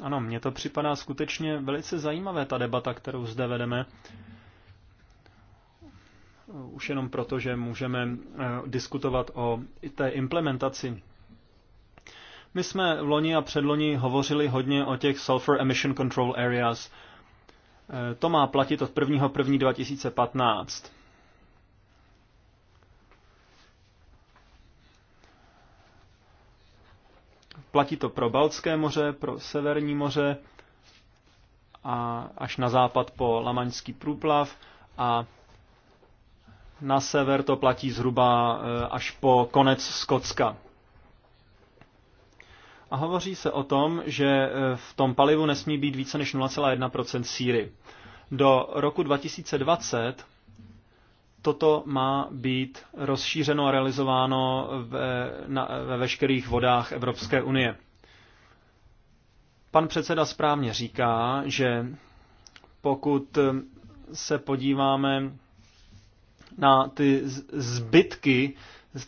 Ano, mně to připadá skutečně velice zajímavé, ta debata, kterou zde vedeme. Už jenom proto, že můžeme eh, diskutovat o té implementaci. My jsme v loni a předloni hovořili hodně o těch Sulfur Emission Control Areas. Eh, to má platit od 1.1.2015. Platí to pro Baltské moře, pro Severní moře a až na západ po Lamaňský průplav a na sever to platí zhruba eh, až po konec Skotska. A hovoří se o tom, že eh, v tom palivu nesmí být více než 0,1 síry. Do roku 2020 toto má být rozšířeno a realizováno ve, na, ve veškerých vodách Evropské unie. Pan předseda správně říká, že pokud se podíváme na ty zbytky,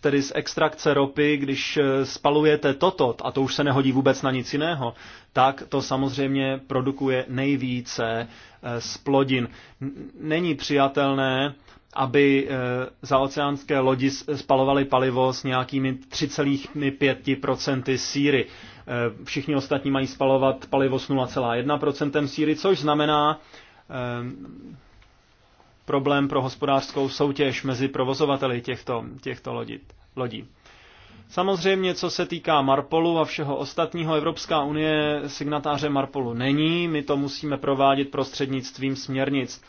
tedy z extrakce ropy, když spalujete toto, a to už se nehodí vůbec na nic jiného, tak to samozřejmě produkuje nejvíce splodin. Eh, není přijatelné, aby eh, zaoceánské lodi spalovaly palivo s nějakými 3,5% síry. Eh, všichni ostatní mají spalovat palivo s 0,1% síry, což znamená eh, problém pro hospodářskou soutěž mezi provozovateli těchto, těchto lodí. lodí. Samozřejmě, co se týká Marpolu a všeho ostatního, Evropská unie signatáře Marpolu není, my to musíme provádět prostřednictvím směrnic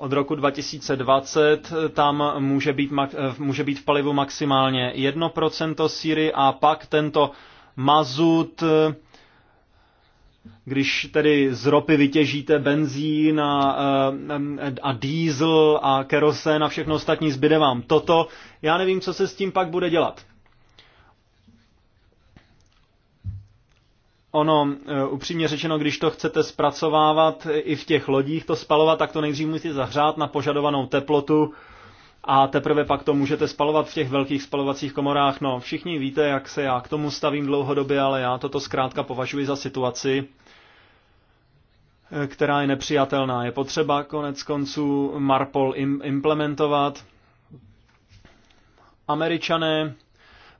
od roku 2020 tam může být, eh, může být v palivu maximálně 1% síry a pak tento mazut, eh, když tedy z ropy vytěžíte benzín a, eh, a diesel a kerosén a všechno ostatní zbyde vám toto, já nevím, co se s tím pak bude dělat. Ono, e, upřímně řečeno, když to chcete zpracovávat i v těch lodích, to spalovat, tak to nejdřív musíte zahřát na požadovanou teplotu a teprve pak to můžete spalovat v těch velkých spalovacích komorách. No, všichni víte, jak se já k tomu stavím dlouhodobě, ale já toto zkrátka považuji za situaci, e, která je nepřijatelná. Je potřeba konec konců Marpol implementovat. Američané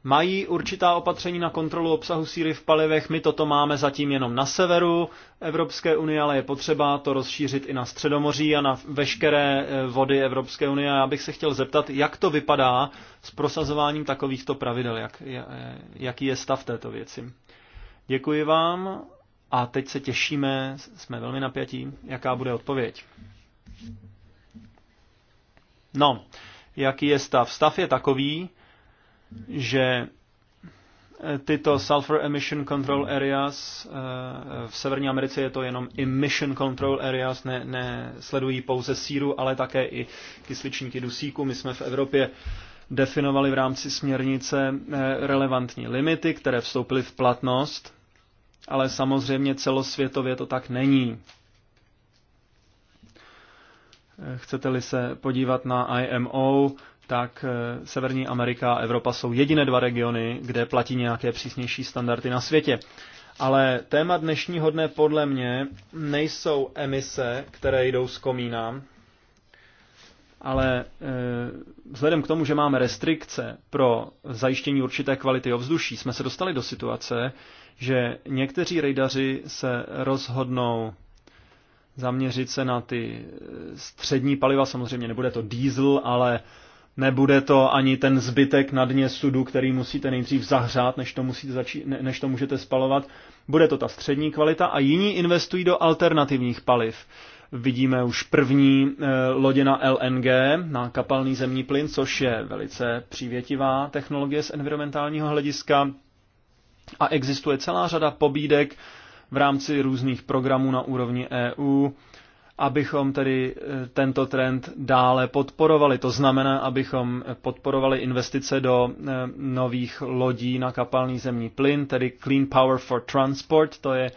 mají určitá opatření na kontrolu obsahu síry v palivech. My toto máme zatím jenom na severu Evropské unie, ale je potřeba to rozšířit i na Středomoří a na veškeré eh, vody Evropské unie. Já bych se chtěl zeptat, jak to vypadá s prosazováním takovýchto pravidel, jak, eh, jaký je stav této věci. Děkuji vám a teď se těšíme, jsme velmi napjatí, jaká bude odpověď. No, jaký je stav? Stav je takový, že eh, tyto Sulfur Emission Control Areas, eh, v Severní Americe je to jenom Emission Control Areas, ne, ne sledují pouze síru, ale také i kysličníky dusíku. My jsme v Evropě definovali v rámci směrnice eh, relevantní limity, které vstoupily v platnost, ale samozřejmě celosvětově to tak není. Chcete-li se podívat na IMO, tak eh, Severní Amerika a Evropa jsou jediné dva regiony, kde platí nějaké přísnější standardy na světě. Ale téma dnešního dne podle mě nejsou emise, které jdou z komína, ale e, vzhledem k tomu, že máme restrikce pro zajištění určité kvality ovzduší, jsme se dostali do situace, že někteří rejdaři se rozhodnou zaměřit se na ty eh, střední paliva, samozřejmě nebude to diesel, ale nebude to ani ten zbytek na dně sudu, který musíte nejdřív zahřát, než to, musíte začít, než to můžete spalovat. Bude to ta střední kvalita a jiní investují do alternativních paliv. Vidíme už první e, lodě na LNG, na kapalný zemní plyn, což je velice přívětivá technologie z environmentálního hlediska. A existuje celá řada pobídek v rámci různých programů na úrovni EU, abychom tedy eh, tento trend dále podporovali. To znamená, abychom podporovali investice do eh, nových lodí na kapalný zemní plyn, tedy Clean Power for Transport, to je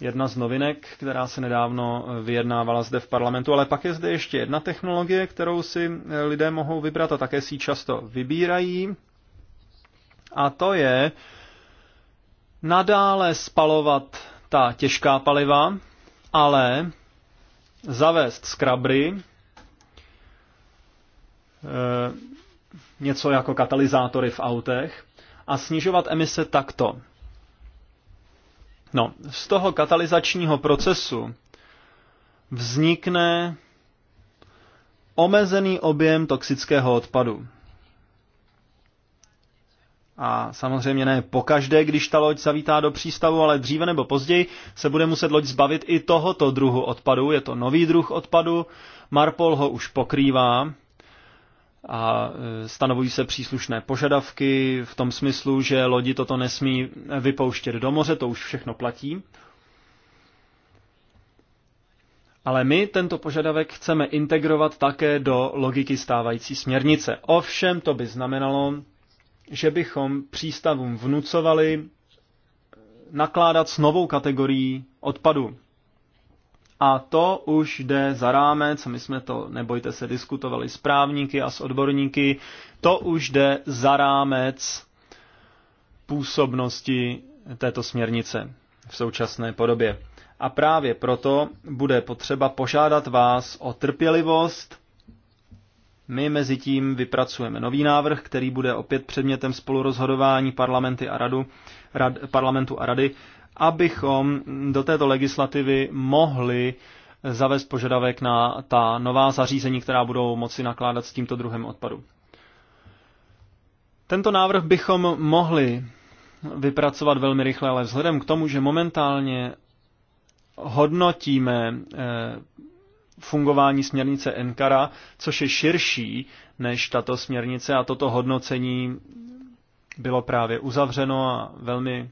jedna z novinek, která se nedávno eh, vyjednávala zde v parlamentu, ale pak je zde ještě jedna technologie, kterou si lidé mohou vybrat a také si ji často vybírají. A to je nadále spalovat ta těžká paliva, ale zavést skrabry, e, něco jako katalyzátory v autech, a snižovat emise takto. No, z toho katalyzačního procesu vznikne omezený objem toxického odpadu. A samozřejmě ne pokaždé, když ta loď zavítá do přístavu, ale dříve nebo později se bude muset loď zbavit i tohoto druhu odpadu. Je to nový druh odpadu, Marpol ho už pokrývá a e, stanovují se příslušné požadavky v tom smyslu, že lodi toto nesmí vypouštět do moře, to už všechno platí. Ale my tento požadavek chceme integrovat také do logiky stávající směrnice. Ovšem to by znamenalo, že bychom přístavům vnucovali nakládat s novou kategorií odpadu. A to už jde za rámec, my jsme to, nebojte se, diskutovali s právníky a s odborníky, to už jde za rámec působnosti této směrnice v současné podobě. A právě proto bude potřeba požádat vás o trpělivost my mezi tím vypracujeme nový návrh, který bude opět předmětem spolurozhodování parlamenty a radu, rad, parlamentu a rady, abychom do této legislativy mohli zavést požadavek na ta nová zařízení, která budou moci nakládat s tímto druhem odpadu. Tento návrh bychom mohli vypracovat velmi rychle, ale vzhledem k tomu, že momentálně hodnotíme eh, fungování směrnice Enkara, což je širší než tato směrnice a toto hodnocení bylo právě uzavřeno a velmi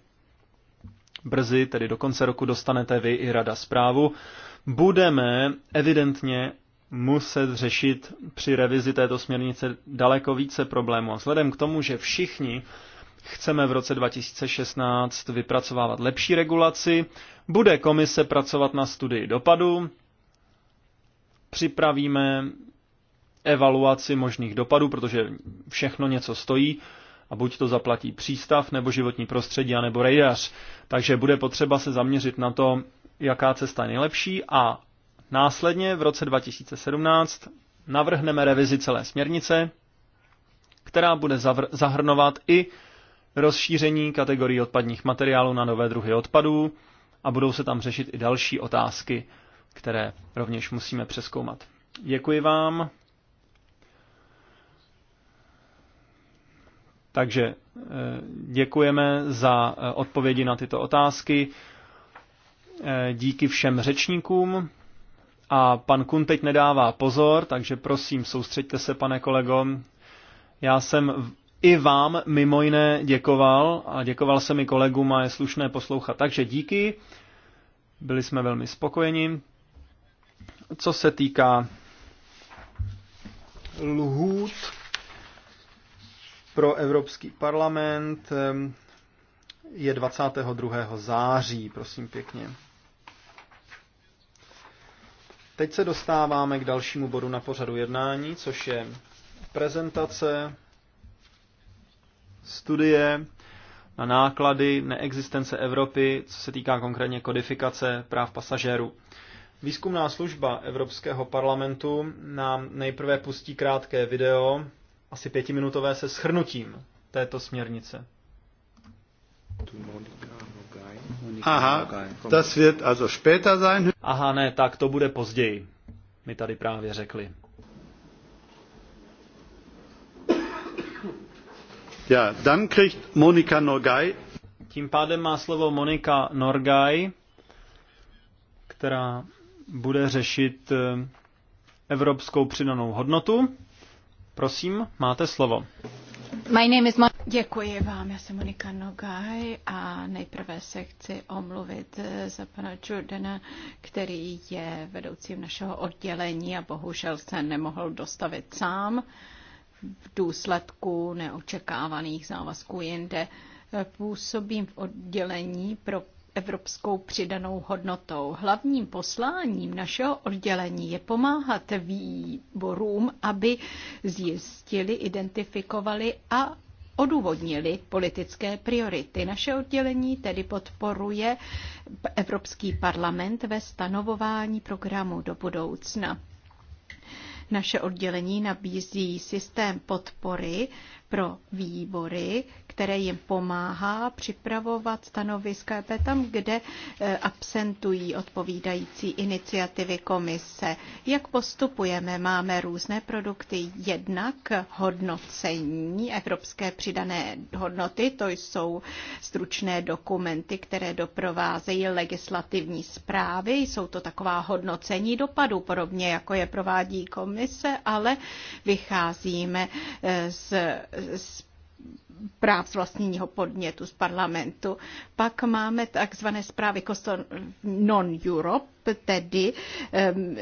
brzy, tedy do konce roku, dostanete vy i rada zprávu. Budeme evidentně muset řešit při revizi této směrnice daleko více problémů. A vzhledem k tomu, že všichni chceme v roce 2016 vypracovávat lepší regulaci, bude komise pracovat na studii dopadu, připravíme evaluaci možných dopadů, protože všechno něco stojí a buď to zaplatí přístav, nebo životní prostředí, nebo rejdař. Takže bude potřeba se zaměřit na to, jaká cesta je nejlepší a následně v roce 2017 navrhneme revizi celé směrnice, která bude zahrnovat i rozšíření kategorií odpadních materiálů na nové druhy odpadů a budou se tam řešit i další otázky které rovněž musíme přeskoumat. Děkuji vám. Takže eh, děkujeme za eh, odpovědi na tyto otázky. Eh, díky všem řečníkům. A pan Kun teď nedává pozor, takže prosím, soustřeďte se, pane kolego. Já jsem i vám mimo jiné děkoval a děkoval jsem i kolegům a je slušné poslouchat. Takže díky, byli jsme velmi spokojeni co se týká lhůt pro Evropský parlament, je 22. září, prosím pěkně. Teď se dostáváme k dalšímu bodu na pořadu jednání, což je prezentace studie na náklady neexistence Evropy, co se týká konkrétně kodifikace práv pasažérů. Výzkumná služba Evropského parlamentu nám nejprve pustí krátké video, asi pětiminutové se shrnutím této směrnice. Aha, das wird also später sein. Aha, ne, tak to bude později, mi tady právě řekli. Ja, dann kriegt Monika Norgay. Tím pádem má slovo Monika Norgay, která bude řešit eh, evropskou přidanou hodnotu. Prosím, máte slovo. My name is Děkuji vám, já jsem Monika Nogaj a nejprve se chci omluvit eh, za pana Jordana, který je vedoucím našeho oddělení a bohužel se nemohl dostavit sám v důsledku neočekávaných závazků jinde. Eh, působím v oddělení pro evropskou přidanou hodnotou. Hlavním posláním našeho oddělení je pomáhat výborům, aby zjistili, identifikovali a odůvodnili politické priority. Naše oddělení tedy podporuje Evropský parlament ve stanovování programu do budoucna. Naše oddělení nabízí systém podpory pro výbory, které jim pomáhá připravovat stanoviska EP tam, kde e, absentují odpovídající iniciativy komise. Jak postupujeme? Máme různé produkty, jednak hodnocení evropské přidané hodnoty, to jsou stručné dokumenty, které doprovázejí legislativní zprávy, jsou to taková hodnocení dopadů, podobně jako je provádí komise, ale vycházíme e, z, z práv z vlastního podnětu z parlamentu. Pak máme takzvané zprávy Coston Non-Europe, tedy um,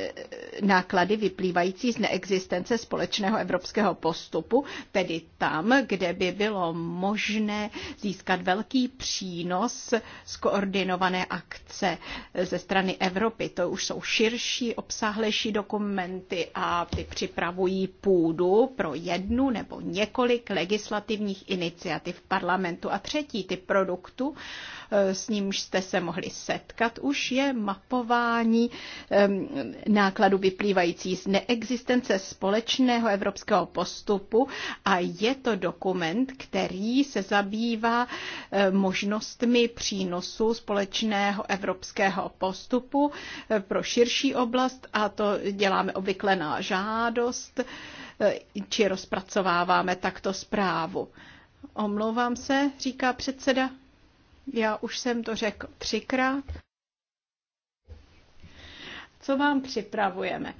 náklady vyplývající z neexistence společného evropského postupu, tedy tam, kde by bylo možné získat velký přínos z koordinované akce ze strany Evropy. To už jsou širší, obsáhlejší dokumenty a ty připravují půdu pro jednu nebo několik legislativních iniciativ iniciativ parlamentu. A třetí typ produktu, eh, s nímž jste se mohli setkat, už je mapování ehm, nákladu vyplývající z neexistence společného evropského postupu a je to dokument, který se zabývá eh, možnostmi přínosu společného evropského postupu eh, pro širší oblast a to děláme obvykle na žádost či rozpracováváme takto zprávu. Omlouvám se, říká předseda. Já už jsem to řekl třikrát. Co vám připravujeme?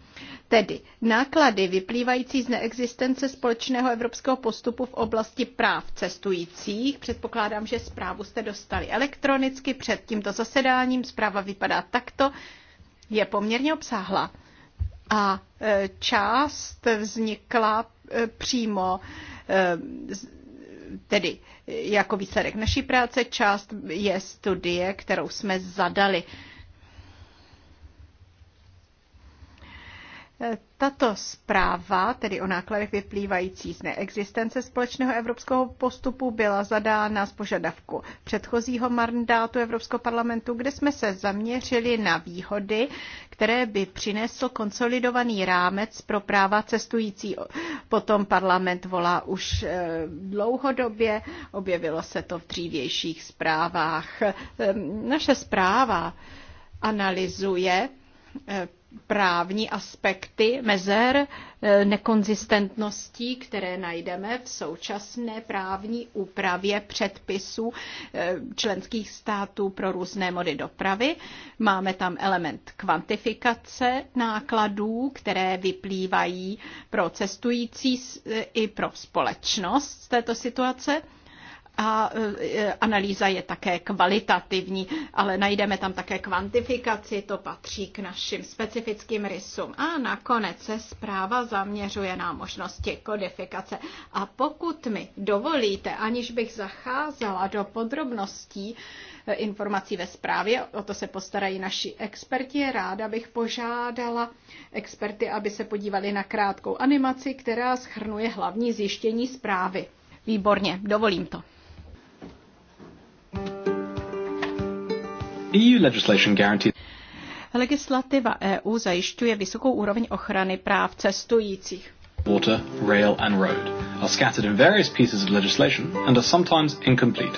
Tedy náklady vyplývající z neexistence společného evropského postupu v oblasti práv cestujících. Předpokládám, že zprávu jste dostali elektronicky před tímto zasedáním. Zpráva vypadá takto. Je poměrně obsáhla. A e, část vznikla e, přímo e, tedy jako výsledek naší práce část je studie, kterou jsme zadali. Tato zpráva, tedy o nákladech vyplývající z neexistence společného evropského postupu, byla zadána z požadavku předchozího mandátu Evropského parlamentu, kde jsme se zaměřili na výhody, které by přinesl konsolidovaný rámec pro práva cestující. Potom parlament volá už eh, dlouhodobě, objevilo se to v dřívějších zprávách. Ehm, naše zpráva analyzuje Eh, právní aspekty mezer eh, nekonzistentností, které najdeme v současné právní úpravě předpisů eh, členských států pro různé mody dopravy. Máme tam element kvantifikace nákladů, které vyplývají pro cestující i pro společnost z této situace a e, analýza je také kvalitativní, ale najdeme tam také kvantifikaci, to patří k našim specifickým rysům. A nakonec se zpráva zaměřuje na možnosti kodifikace. A pokud mi dovolíte, aniž bych zacházela do podrobností e, informací ve zprávě, o to se postarají naši experti, ráda bych požádala experty, aby se podívali na krátkou animaci, která schrnuje hlavní zjištění zprávy. Výborně, dovolím to. EU legislation guarantees Legislativa EU zajišťuje vysokou úroveň ochrany práv cestujících. Water, rail and road are scattered in various pieces of legislation and are sometimes incomplete.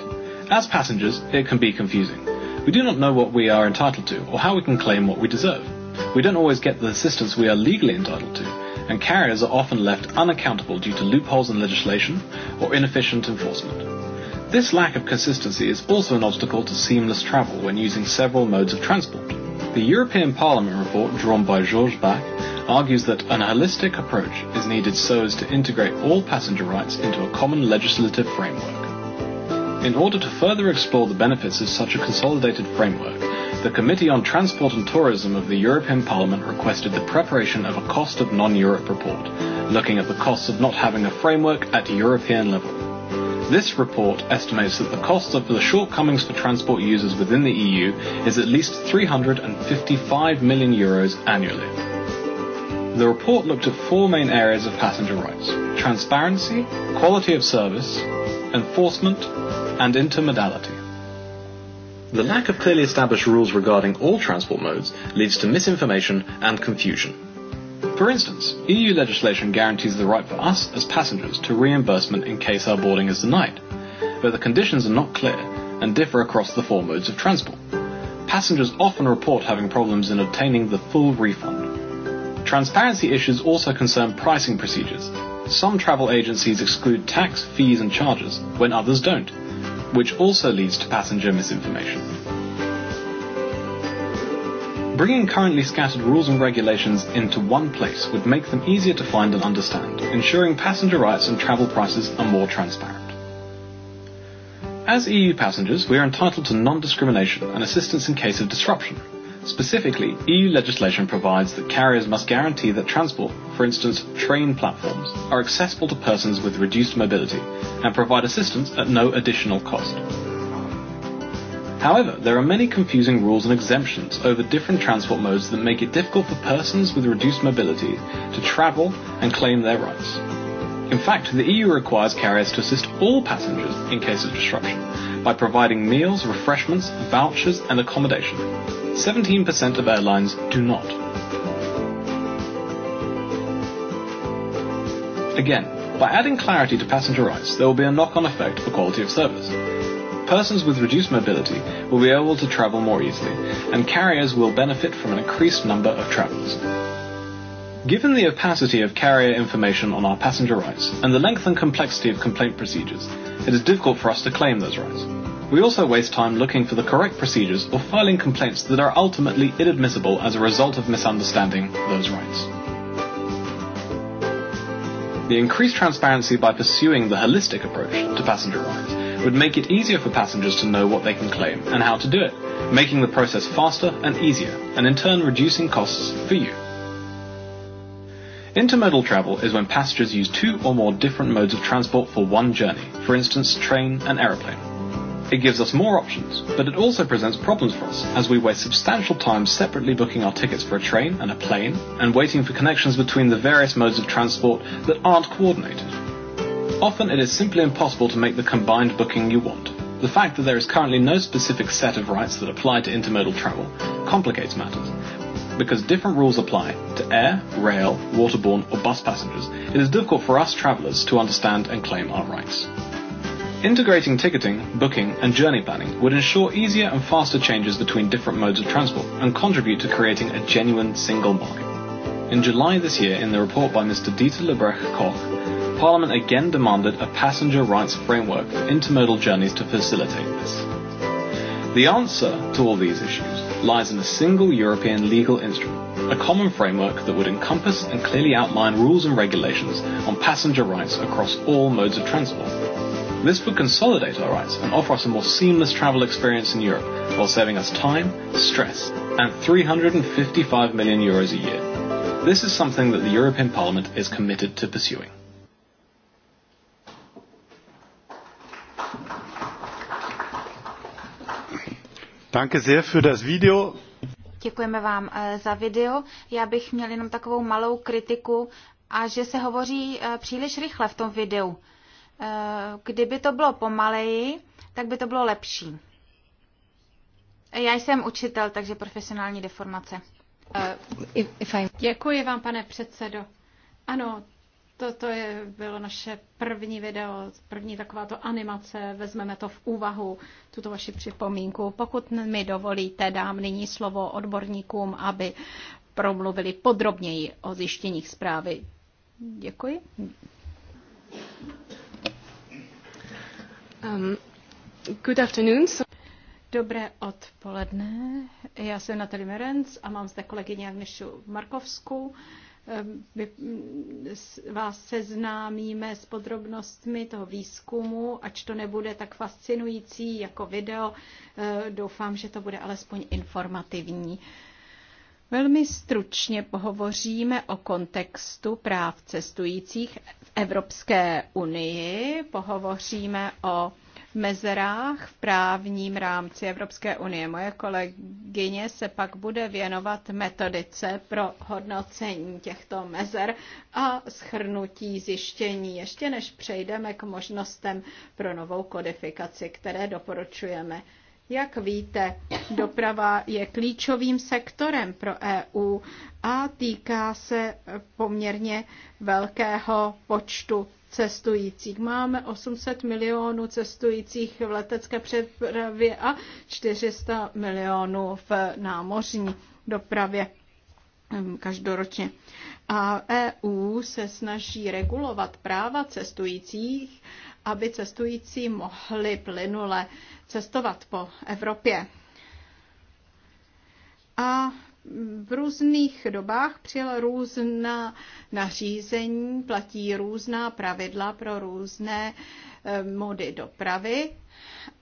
As passengers, it can be confusing. We do not know what we are entitled to or how we can claim what we deserve. We don't always get the assistance we are legally entitled to, and carriers are often left unaccountable due to loopholes in legislation or inefficient enforcement. This lack of consistency is also an obstacle to seamless travel when using several modes of transport. The European Parliament report drawn by Georges Bach argues that an holistic approach is needed so as to integrate all passenger rights into a common legislative framework. In order to further explore the benefits of such a consolidated framework, the Committee on Transport and Tourism of the European Parliament requested the preparation of a Cost of Non-Europe report, looking at the costs of not having a framework at European level. This report estimates that the cost of the shortcomings for transport users within the EU is at least 355 million euros annually. The report looked at four main areas of passenger rights transparency, quality of service, enforcement, and intermodality. The lack of clearly established rules regarding all transport modes leads to misinformation and confusion. For instance, EU legislation guarantees the right for us as passengers to reimbursement in case our boarding is denied, but the conditions are not clear and differ across the four modes of transport. Passengers often report having problems in obtaining the full refund. Transparency issues also concern pricing procedures. Some travel agencies exclude tax, fees, and charges when others don't, which also leads to passenger misinformation. Bringing currently scattered rules and regulations into one place would make them easier to find and understand, ensuring passenger rights and travel prices are more transparent. As EU passengers, we are entitled to non-discrimination and assistance in case of disruption. Specifically, EU legislation provides that carriers must guarantee that transport, for instance train platforms, are accessible to persons with reduced mobility and provide assistance at no additional cost. However, there are many confusing rules and exemptions over different transport modes that make it difficult for persons with reduced mobility to travel and claim their rights. In fact, the EU requires carriers to assist all passengers in case of disruption by providing meals, refreshments, vouchers, and accommodation. 17% of airlines do not. Again, by adding clarity to passenger rights, there will be a knock-on effect for quality of service persons with reduced mobility will be able to travel more easily, and carriers will benefit from an increased number of travels. Given the opacity of carrier information on our passenger rights and the length and complexity of complaint procedures, it is difficult for us to claim those rights. We also waste time looking for the correct procedures or filing complaints that are ultimately inadmissible as a result of misunderstanding those rights. The increased transparency by pursuing the holistic approach to passenger rights would make it easier for passengers to know what they can claim and how to do it, making the process faster and easier, and in turn reducing costs for you. Intermodal travel is when passengers use two or more different modes of transport for one journey, for instance, train and aeroplane. It gives us more options, but it also presents problems for us, as we waste substantial time separately booking our tickets for a train and a plane, and waiting for connections between the various modes of transport that aren't coordinated often it is simply impossible to make the combined booking you want. The fact that there is currently no specific set of rights that apply to intermodal travel complicates matters. Because different rules apply to air, rail, waterborne, or bus passengers, it is difficult for us travellers to understand and claim our rights. Integrating ticketing, booking, and journey planning would ensure easier and faster changes between different modes of transport and contribute to creating a genuine single market. In July this year, in the report by Mr. Dieter Lebrecht Koch, Parliament again demanded a passenger rights framework for intermodal journeys to facilitate this. The answer to all these issues lies in a single European legal instrument, a common framework that would encompass and clearly outline rules and regulations on passenger rights across all modes of transport. This would consolidate our rights and offer us a more seamless travel experience in Europe while saving us time, stress, and 355 million euros a year. This is something that the European Parliament is committed to pursuing. Danke sehr für das Video. Děkujeme vám eh, za video. Já bych měl jenom takovou malou kritiku a že se hovoří eh, příliš rychle v tom videu. Eh, kdyby to bylo pomaleji, tak by to bylo lepší. Já jsem učitel, takže profesionální deformace. Děkuji vám, pane předsedo. Ano, to je, bylo naše první video, první takováto animace, vezmeme to v úvahu, tuto vaši připomínku. Pokud mi dovolíte, dám nyní slovo odborníkům, aby promluvili podrobněji o zjištěních zprávy. Děkuji. Um, good afternoon. So... Dobré odpoledne. Já jsem Natalie Merenc a mám zde kolegyně Agnešu Markovskou. Ehm, mm, vás seznámíme s podrobnostmi toho výzkumu, ač to nebude tak fascinující jako video, ehm, doufám, že to bude alespoň informativní. Velmi stručně pohovoříme o kontextu práv cestujících v Evropské unii, pohovoříme o mezerách v právním rámci Evropské unie. Moje kolegyně se pak bude věnovat metodice pro hodnocení těchto mezer a schrnutí zjištění, ještě než přejdeme k možnostem pro novou kodifikaci, které doporučujeme. Jak víte, doprava je klíčovým sektorem pro EU a týká se poměrně velkého počtu cestujících. Máme 800 milionů cestujících v letecké přepravě a 400 milionů v námořní dopravě každoročně. A EU se snaží regulovat práva cestujících, aby cestující mohli plynule cestovat po Evropě. A v různých dobách přijel různá nařízení, platí různá pravidla pro různé eh, mody dopravy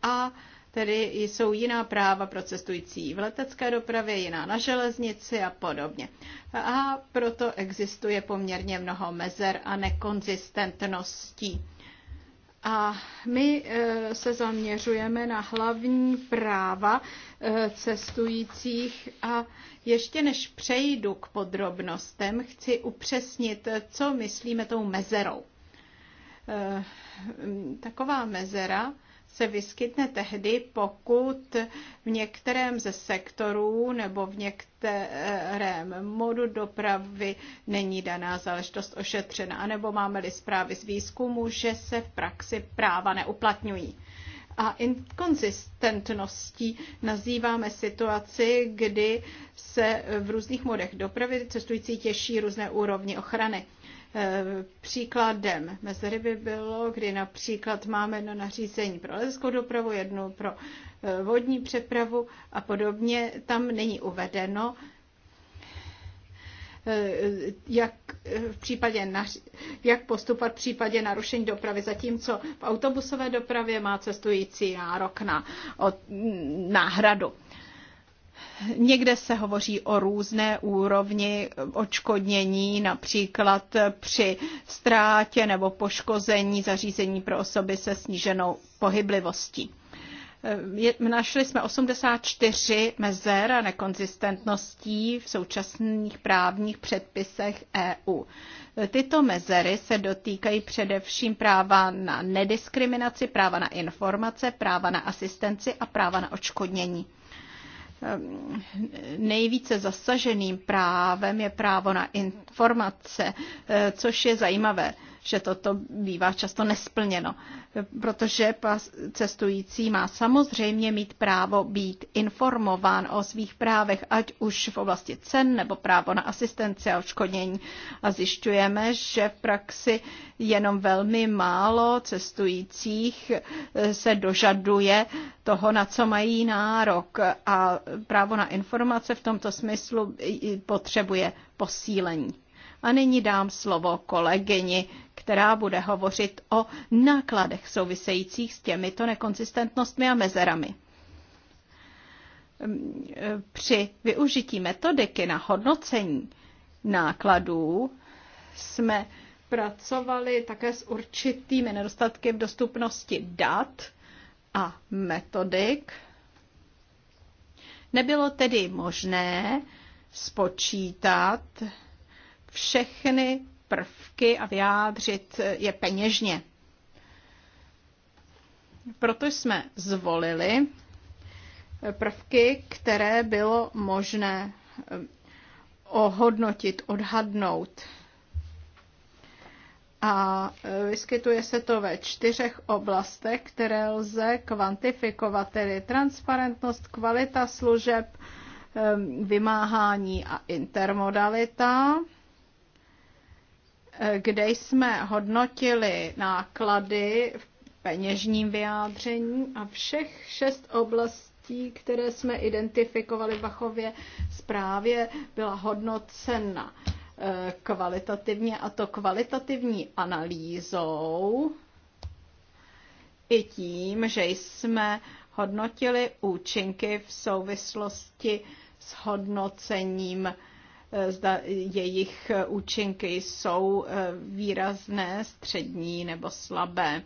a tedy jsou jiná práva pro cestující v letecké dopravě, jiná na železnici a podobně. A proto existuje poměrně mnoho mezer a nekonzistentností. A my eh, se zaměřujeme na hlavní práva eh, cestujících a ještě než přejdu k podrobnostem, chci upřesnit, eh, co myslíme tou mezerou. Taková mezera se vyskytne tehdy, pokud v některém ze sektorů nebo v některém modu dopravy není daná záležitost ošetřena, anebo máme-li zprávy z výzkumu, že se v praxi práva neuplatňují. A inkonzistentností nazýváme situaci, kdy se v různých modech dopravy cestující těší různé úrovni ochrany. Eh, příkladem mezery by bylo, kdy například máme jedno nařízení pro leteckou dopravu, jedno pro eh, vodní přepravu a podobně. Tam není uvedeno, eh, jak, v případě jak postupovat v případě narušení dopravy, zatímco v autobusové dopravě má cestující nárok na náhradu. Někde se hovoří o různé úrovni očkodnění, například při ztrátě nebo poškození zařízení pro osoby se sníženou pohyblivostí. Našli jsme 84 mezer a nekonzistentností v současných právních předpisech EU. Tyto mezery se dotýkají především práva na nediskriminaci, práva na informace, práva na asistenci a práva na očkodnění. Ehm, nejvíce zasaženým právem je právo na informace, ehm, což je zajímavé že toto bývá často nesplněno, protože cestující má samozřejmě mít právo být informován o svých právech, ať už v oblasti cen nebo právo na asistenci a odškodnění. A zjišťujeme, že v praxi jenom velmi málo cestujících eh, se dožaduje toho, na co mají nárok a právo na informace v tomto smyslu potřebuje posílení. A nyní dám slovo kolegyni, která bude hovořit o nákladech souvisejících s těmito nekonsistentnostmi a mezerami. Ehm, e, při využití metodiky na hodnocení nákladů jsme pracovali také s určitými nedostatky v dostupnosti dat a metodik. Nebylo tedy možné spočítat všechny prvky a vyjádřit je peněžně. Proto jsme zvolili prvky, které bylo možné eh, ohodnotit, odhadnout. A eh, vyskytuje se to ve čtyřech oblastech, které lze kvantifikovat, tedy transparentnost, kvalita služeb, eh, vymáhání a intermodalita kde jsme hodnotili náklady v peněžním vyjádření a všech šest oblastí, které jsme identifikovali v Bachově zprávě, byla hodnocena eh, kvalitativně a to kvalitativní analýzou i tím, že jsme hodnotili účinky v souvislosti s hodnocením Eh, zda jejich eh, účinky jsou eh, výrazné, střední nebo slabé.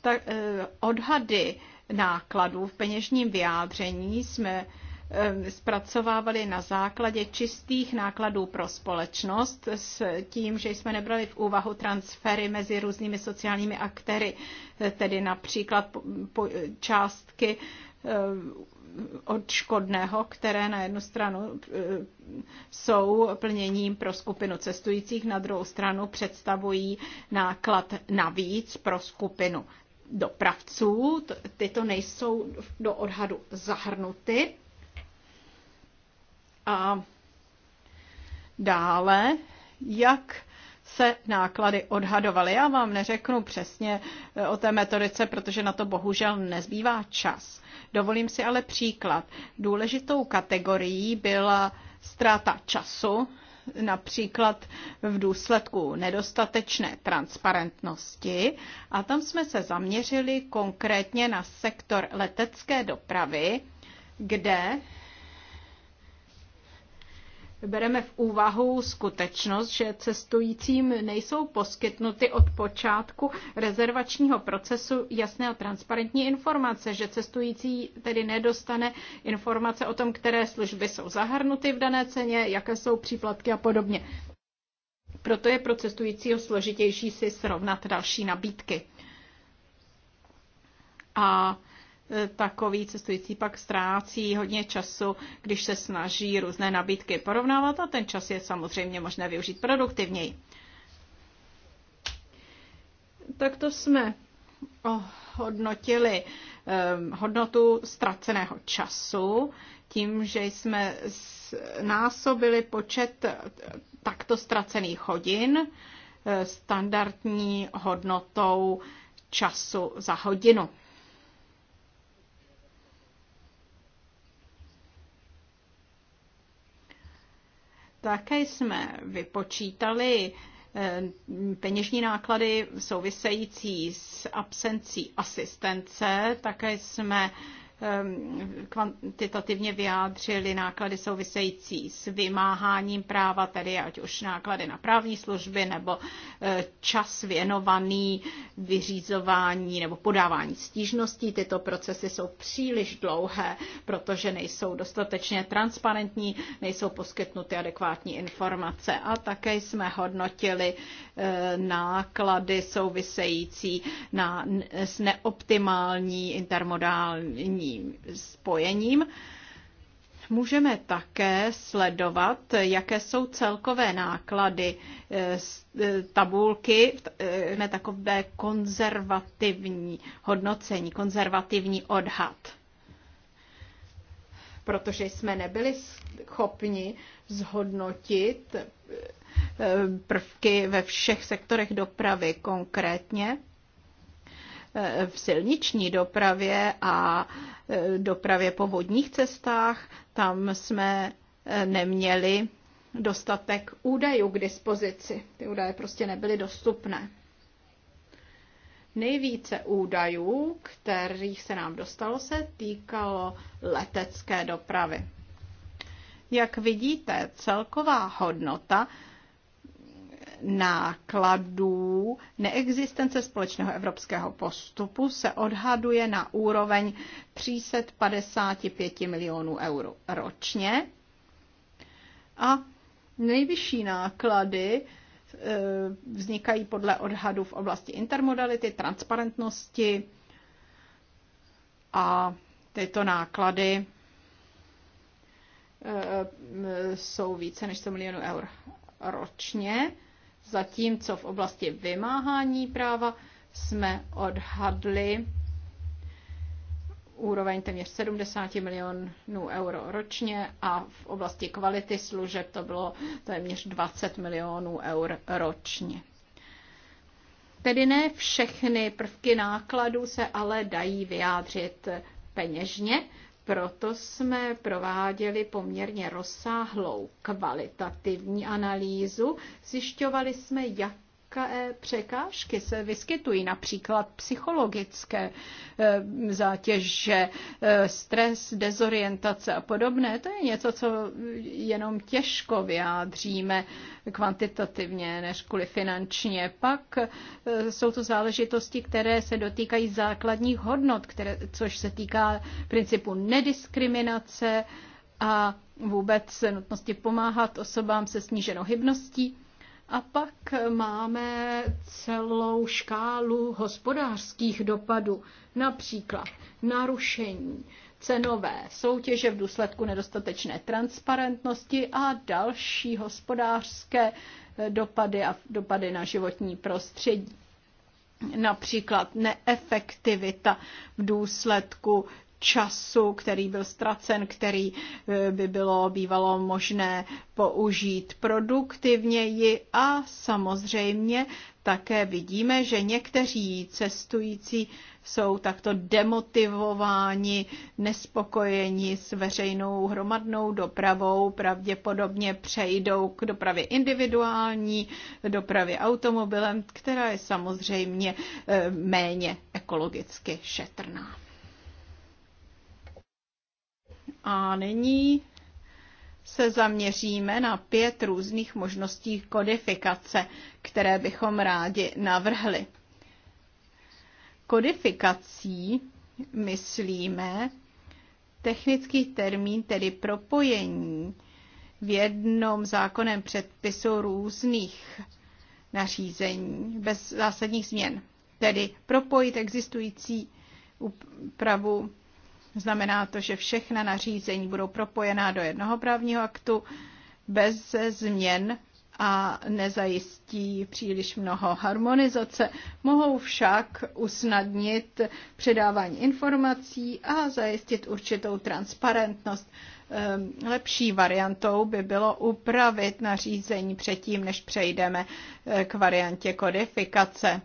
Tak odhady nákladů v peněžním vyjádření jsme zpracovávali na základě čistých nákladů pro společnost s tím, že jsme nebrali v úvahu transfery mezi různými sociálními aktéry, tedy například částky odškodného, které na jednu stranu e, jsou plněním pro skupinu cestujících, na druhou stranu představují náklad navíc pro skupinu dopravců. Tyto nejsou do odhadu zahrnuty. A dále, jak se náklady odhadovaly. Já vám neřeknu přesně eh, o té metodice, protože na to bohužel nezbývá čas. Dovolím si ale příklad. Důležitou kategorií byla ztráta času, například v důsledku nedostatečné transparentnosti. A tam jsme se zaměřili konkrétně na sektor letecké dopravy, kde bereme v úvahu skutečnost, že cestujícím nejsou poskytnuty od počátku rezervačního procesu jasné a transparentní informace, že cestující tedy nedostane informace o tom, které služby jsou zahrnuty v dané ceně, jaké jsou příplatky a podobně. Proto je pro cestujícího složitější si srovnat další nabídky. A E, takový cestující pak ztrácí hodně času, když se snaží různé nabídky porovnávat a ten čas je samozřejmě možné využít produktivněji. Tak to jsme hodnotili e, hodnotu ztraceného času tím, že jsme násobili počet takto ztracených hodin e, standardní hodnotou času za hodinu. Také jsme vypočítali eh, peněžní náklady související s absencí asistence. Také jsme Ehm, kvantitativně vyjádřili náklady související s vymáháním práva, tedy ať už náklady na právní služby nebo eh, čas věnovaný vyřízování nebo podávání stížností. Tyto procesy jsou příliš dlouhé, protože nejsou dostatečně transparentní, nejsou poskytnuty adekvátní informace. A také jsme hodnotili eh, náklady související na, s neoptimální intermodální tím spojením můžeme také sledovat, jaké jsou celkové náklady z eh, eh, tabulky, eh, ne takové konzervativní hodnocení, konzervativní odhad. Protože jsme nebyli schopni zhodnotit prvky ve všech sektorech dopravy konkrétně, v silniční dopravě a e, dopravě po vodních cestách. Tam jsme e, neměli dostatek údajů k dispozici. Ty údaje prostě nebyly dostupné. Nejvíce údajů, kterých se nám dostalo, se týkalo letecké dopravy. Jak vidíte, celková hodnota nákladů neexistence společného evropského postupu se odhaduje na úroveň 355 milionů eur ročně a nejvyšší náklady e, vznikají podle odhadu v oblasti intermodality, transparentnosti a tyto náklady e, e, jsou více než 100 milionů eur ročně. Zatímco v oblasti vymáhání práva jsme odhadli úroveň téměř 70 milionů euro ročně a v oblasti kvality služeb to bylo téměř 20 milionů eur ročně. Tedy ne všechny prvky nákladů se ale dají vyjádřit peněžně proto jsme prováděli poměrně rozsáhlou kvalitativní analýzu. Zjišťovali jsme, jak jaké překážky se vyskytují, například psychologické eh, zátěže, eh, stres, dezorientace a podobné. To je něco, co jenom těžko vyjádříme kvantitativně než kvůli finančně. Pak eh, jsou to záležitosti, které se dotýkají základních hodnot, které, což se týká principu nediskriminace a vůbec nutnosti pomáhat osobám se sníženou hybností. A pak máme celou škálu hospodářských dopadů, například narušení cenové soutěže v důsledku nedostatečné transparentnosti a další hospodářské dopady a dopady na životní prostředí například neefektivita v důsledku času, který byl ztracen, který eh, by bylo bývalo možné použít produktivněji a samozřejmě také vidíme, že někteří cestující jsou takto demotivováni, nespokojeni s veřejnou hromadnou dopravou, pravděpodobně přejdou k dopravě individuální, dopravě automobilem, která je samozřejmě eh, méně ekologicky šetrná. A nyní se zaměříme na pět různých možností kodifikace, které bychom rádi navrhli. Kodifikací myslíme technický termín, tedy propojení v jednom zákonem předpisu různých nařízení bez zásadních změn. Tedy propojit existující úpravu Znamená to, že všechna nařízení budou propojená do jednoho právního aktu bez změn a nezajistí příliš mnoho harmonizace. Mohou však usnadnit předávání informací a zajistit určitou transparentnost. Ehm, lepší variantou by bylo upravit nařízení předtím, než přejdeme eh, k variantě kodifikace.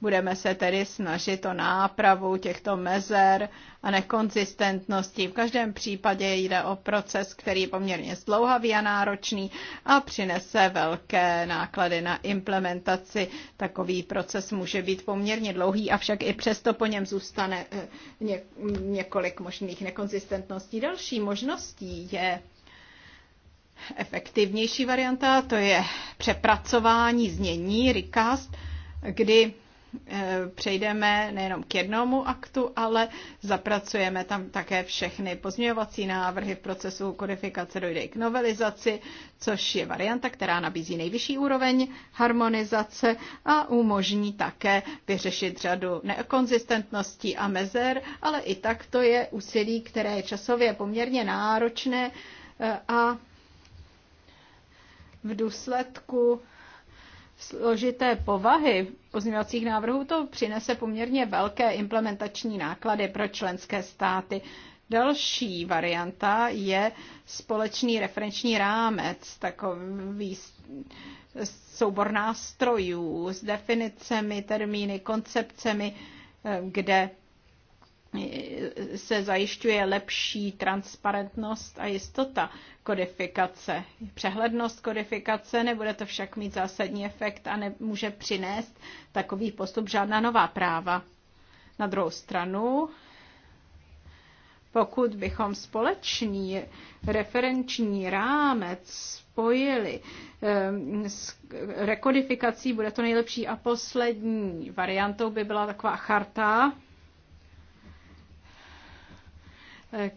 Budeme se tedy snažit o nápravu těchto mezer a nekonzistentností. V každém případě jde o proces, který je poměrně zdlouhavý a náročný a přinese velké náklady na implementaci. Takový proces může být poměrně dlouhý, avšak i přesto po něm zůstane eh, několik možných nekonzistentností. Další možností je efektivnější varianta, to je přepracování znění, recast, kdy Eh, přejdeme nejenom k jednomu aktu, ale zapracujeme tam také všechny pozměňovací návrhy v procesu kodifikace dojde i k novelizaci, což je varianta, která nabízí nejvyšší úroveň harmonizace a umožní také vyřešit řadu nekonzistentností a mezer, ale i tak to je úsilí, které je časově poměrně náročné eh, a v důsledku složité povahy pozměňovacích návrhů, to přinese poměrně velké implementační náklady pro členské státy. Další varianta je společný referenční rámec, takový soubor nástrojů s definicemi, termíny, koncepcemi, eh, kde se zajišťuje lepší transparentnost a jistota kodifikace. Přehlednost kodifikace nebude to však mít zásadní efekt a nemůže přinést takový postup žádná nová práva. Na druhou stranu, pokud bychom společný referenční rámec spojili ehm, s rekodifikací, bude to nejlepší. A poslední variantou by byla taková charta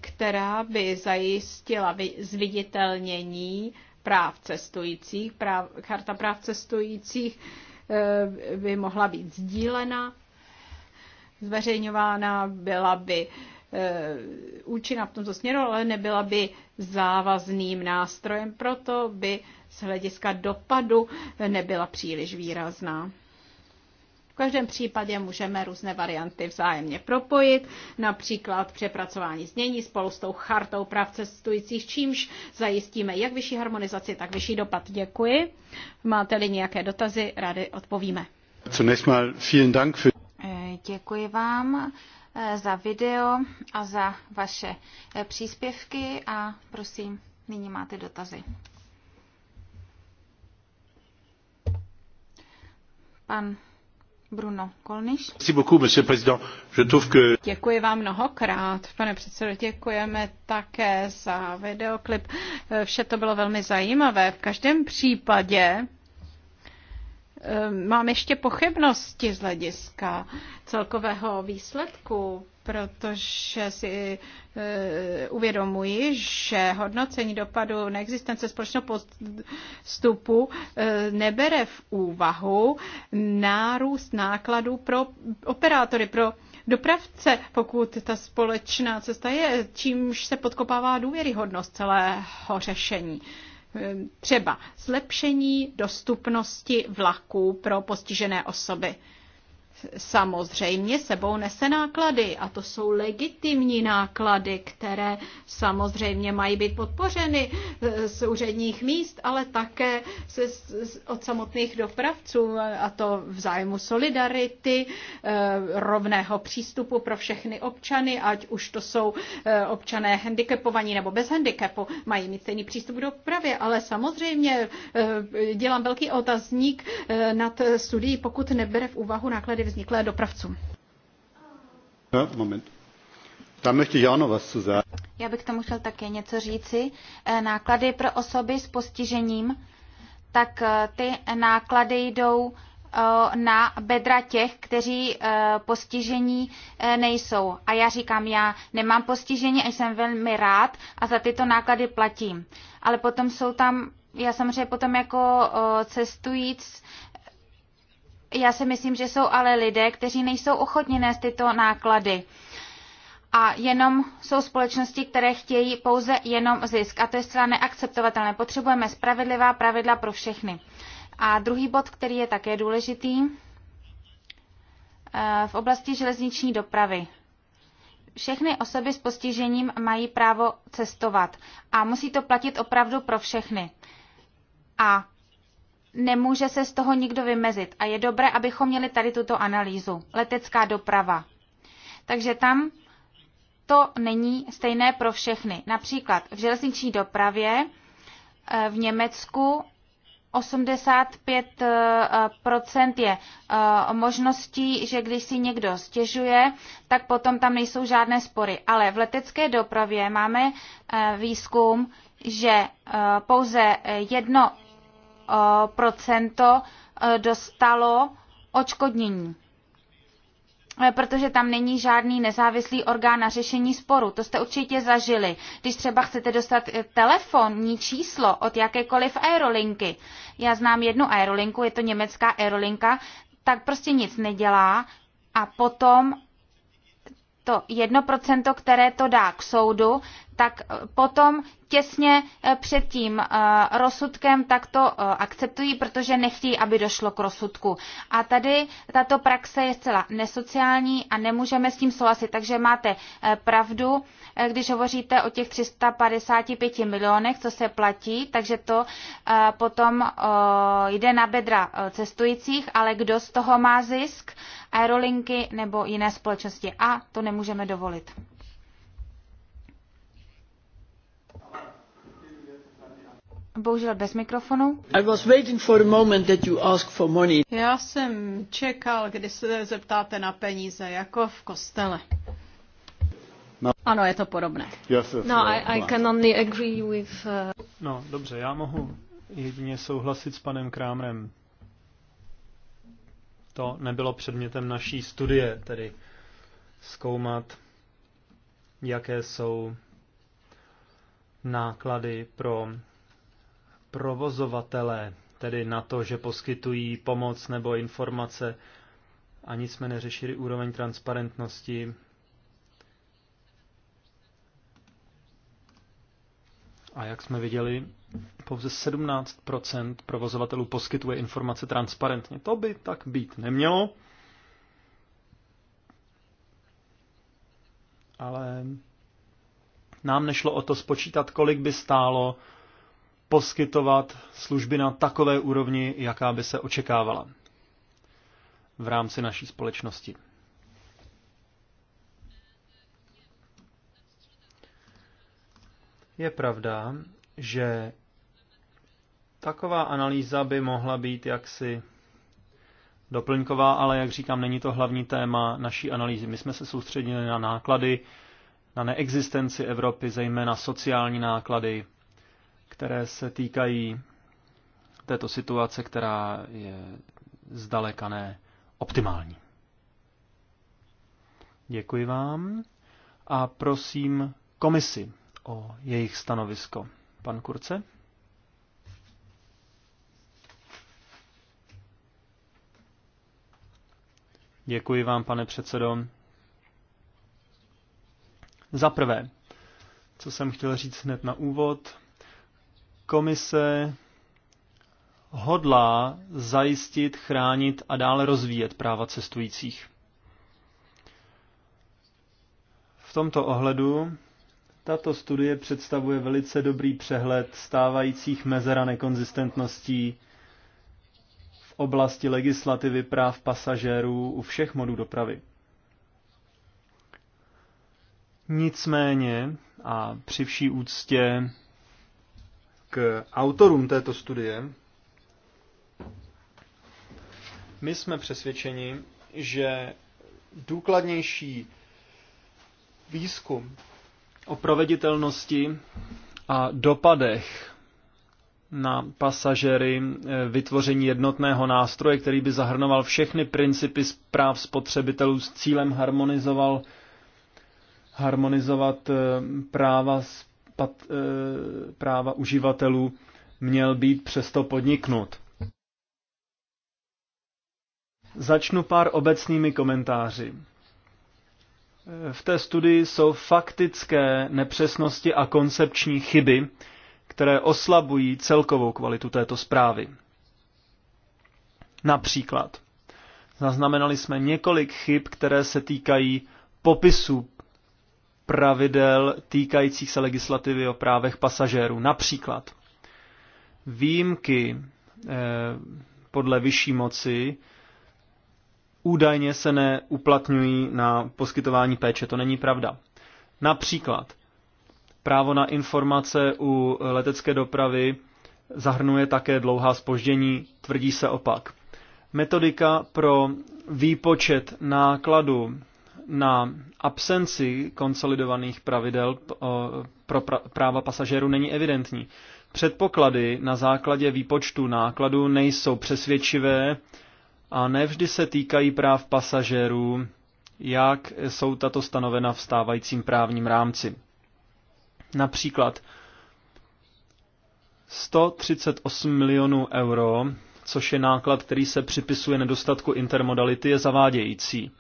která by zajistila zviditelnění práv cestujících. Práv, charta práv cestujících eh, by mohla být sdílena, zveřejňována, byla by eh, účinná v tomto směru, ale nebyla by závazným nástrojem, proto by z hlediska dopadu nebyla příliš výrazná. V každém případě můžeme různé varianty vzájemně propojit, například přepracování znění spolu s tou chartou práv cestujících, čímž zajistíme jak vyšší harmonizaci, tak vyšší dopad. Děkuji. Máte-li nějaké dotazy, rádi odpovíme. Zunächst mal vielen Dank für... Eh, děkuji vám eh, za video a za vaše eh, příspěvky a prosím, nyní máte dotazy. Pan Bruno Kolniš. Děkuji vám mnohokrát, pane předsedo. Děkujeme také za videoklip. Vše to bylo velmi zajímavé. V každém případě eh, mám ještě pochybnosti z hlediska celkového výsledku protože si e, uvědomuji, že hodnocení dopadu neexistence společného postupu e, nebere v úvahu nárůst nákladů pro operátory, pro dopravce, pokud ta společná cesta je, čímž se podkopává důvěryhodnost celého řešení. Eh, třeba zlepšení dostupnosti vlaků pro postižené osoby samozřejmě sebou nese náklady a to jsou legitimní náklady, které samozřejmě mají být podpořeny eh, z úředních míst, ale také od samotných dopravců a to v zájmu solidarity, eh, rovného přístupu pro všechny občany, ať už to jsou eh, občané handicapovaní nebo bez handicapu, mají mít stejný přístup k dopravě, ale samozřejmě dělám velký otazník nad studií, pokud nebere v úvahu náklady vzniklé dopravcům. No, moment. Tam Já bych tomu chtěl také něco říci. Eh, náklady pro osoby s postižením, tak eh, ty náklady jdou eh, na bedra těch, kteří postižení nejsou. A já říkám, já nemám postižení a jsem velmi rád a za tyto náklady platím. Ale potom jsou tam, já samozřejmě potom jako cestujíc já si myslím, že jsou ale lidé, kteří nejsou ochotni nést tyto náklady. A jenom jsou společnosti, které chtějí pouze jenom zisk. A to je zcela neakceptovatelné. Potřebujeme spravedlivá pravidla pro všechny. A druhý bod, který je také důležitý, eh, v oblasti železniční dopravy. Všechny osoby s postižením mají právo cestovat a musí to platit opravdu pro všechny. A nemůže se z toho nikdo vymezit. A je dobré, abychom měli tady tuto analýzu. Letecká doprava. Takže tam to není stejné pro všechny. Například v železniční dopravě eh, v Německu 85 eh, je eh, možností, že když si někdo stěžuje, tak potom tam nejsou žádné spory. Ale v letecké dopravě máme výzkum, že pouze jedno procento eh, dostalo očkodnění eh, protože tam není žádný nezávislý orgán na řešení sporu. To jste určitě zažili. Když třeba chcete dostat eh, telefonní číslo od jakékoliv aerolinky. Já znám jednu aerolinku, je to německá aerolinka, tak prostě nic nedělá a potom to jedno procento, které to dá k soudu, tak eh, potom těsně eh, před tím eh, rozsudkem tak to akceptují, protože nechtějí, aby došlo k rozsudku. A tady tato praxe je zcela nesociální a nemůžeme s tím souhlasit. Takže máte pravdu, když hovoříte o těch 355 milionech, co se platí, takže to potom jde na bedra cestujících, ale kdo z toho má zisk? Aerolinky nebo jiné společnosti. A to nemůžeme dovolit. Bohužel bez mikrofonu. I was waiting for a moment that you ask for money. Já jsem čekal, kdy se zeptáte na peníze, jako v kostele. No. Ano, je to podobné. Yes, yes, no, I, I can only agree with... Uh... No, dobře, já mohu jedině souhlasit s panem Krámrem. To nebylo předmětem naší studie, tedy zkoumat, jaké jsou náklady pro provozovatele, tedy na to, že poskytují pomoc nebo informace ani jsme neřešili úroveň transparentnosti. A jak jsme viděli, pouze 17 provozovatelů poskytuje informace transparentně. To by tak být nemělo, ale nám nešlo o to spočítat, kolik by stálo poskytovat služby na takové úrovni, jaká by se očekávala v rámci naší společnosti. Je pravda, že taková analýza by mohla být jaksi doplňková, ale jak říkám, není to hlavní téma naší analýzy. My jsme se soustředili na náklady, na neexistenci Evropy, zejména sociální náklady, které se týkají této situace, která je zdaleka ne optimální. Děkuji vám a prosím komisi o jejich stanovisko. Pan Kurce? Děkuji vám, pane předsedo. Za prvé, co jsem chtěl říct hned na úvod, komise hodlá zajistit, chránit a dále rozvíjet práva cestujících. V tomto ohledu tato studie představuje velice dobrý přehled stávajících mezer a nekonzistentností v oblasti legislativy práv pasažérů u všech modů dopravy. Nicméně a při vší úctě k autorům této studie. My jsme přesvědčeni, že důkladnější výzkum o proveditelnosti a dopadech na pasažery e, vytvoření jednotného nástroje, který by zahrnoval všechny principy zpráv spotřebitelů s cílem harmonizoval harmonizovat e, práva pat, e, eh, práva uživatelů měl být přesto podniknut. Začnu pár obecnými komentáři. Eh, v té studii jsou faktické nepřesnosti a koncepční chyby, které oslabují celkovou kvalitu této zprávy. Například, zaznamenali jsme několik chyb, které se týkají popisu pravidel týkajících se legislativy o právech pasažérů. Například výjimky eh, podle vyšší moci údajně se neuplatňují na poskytování péče. To není pravda. Například právo na informace u letecké dopravy zahrnuje také dlouhá spoždění, tvrdí se opak. Metodika pro výpočet nákladu na absenci konsolidovaných pravidel eh, pro práva pasažérů není evidentní. Předpoklady na základě výpočtu nákladu nejsou přesvědčivé a nevždy se týkají práv pasažérů, jak jsou tato stanovena v stávajícím právním rámci. Například 138 milionů euro, což je náklad, který se připisuje nedostatku intermodality, je zavádějící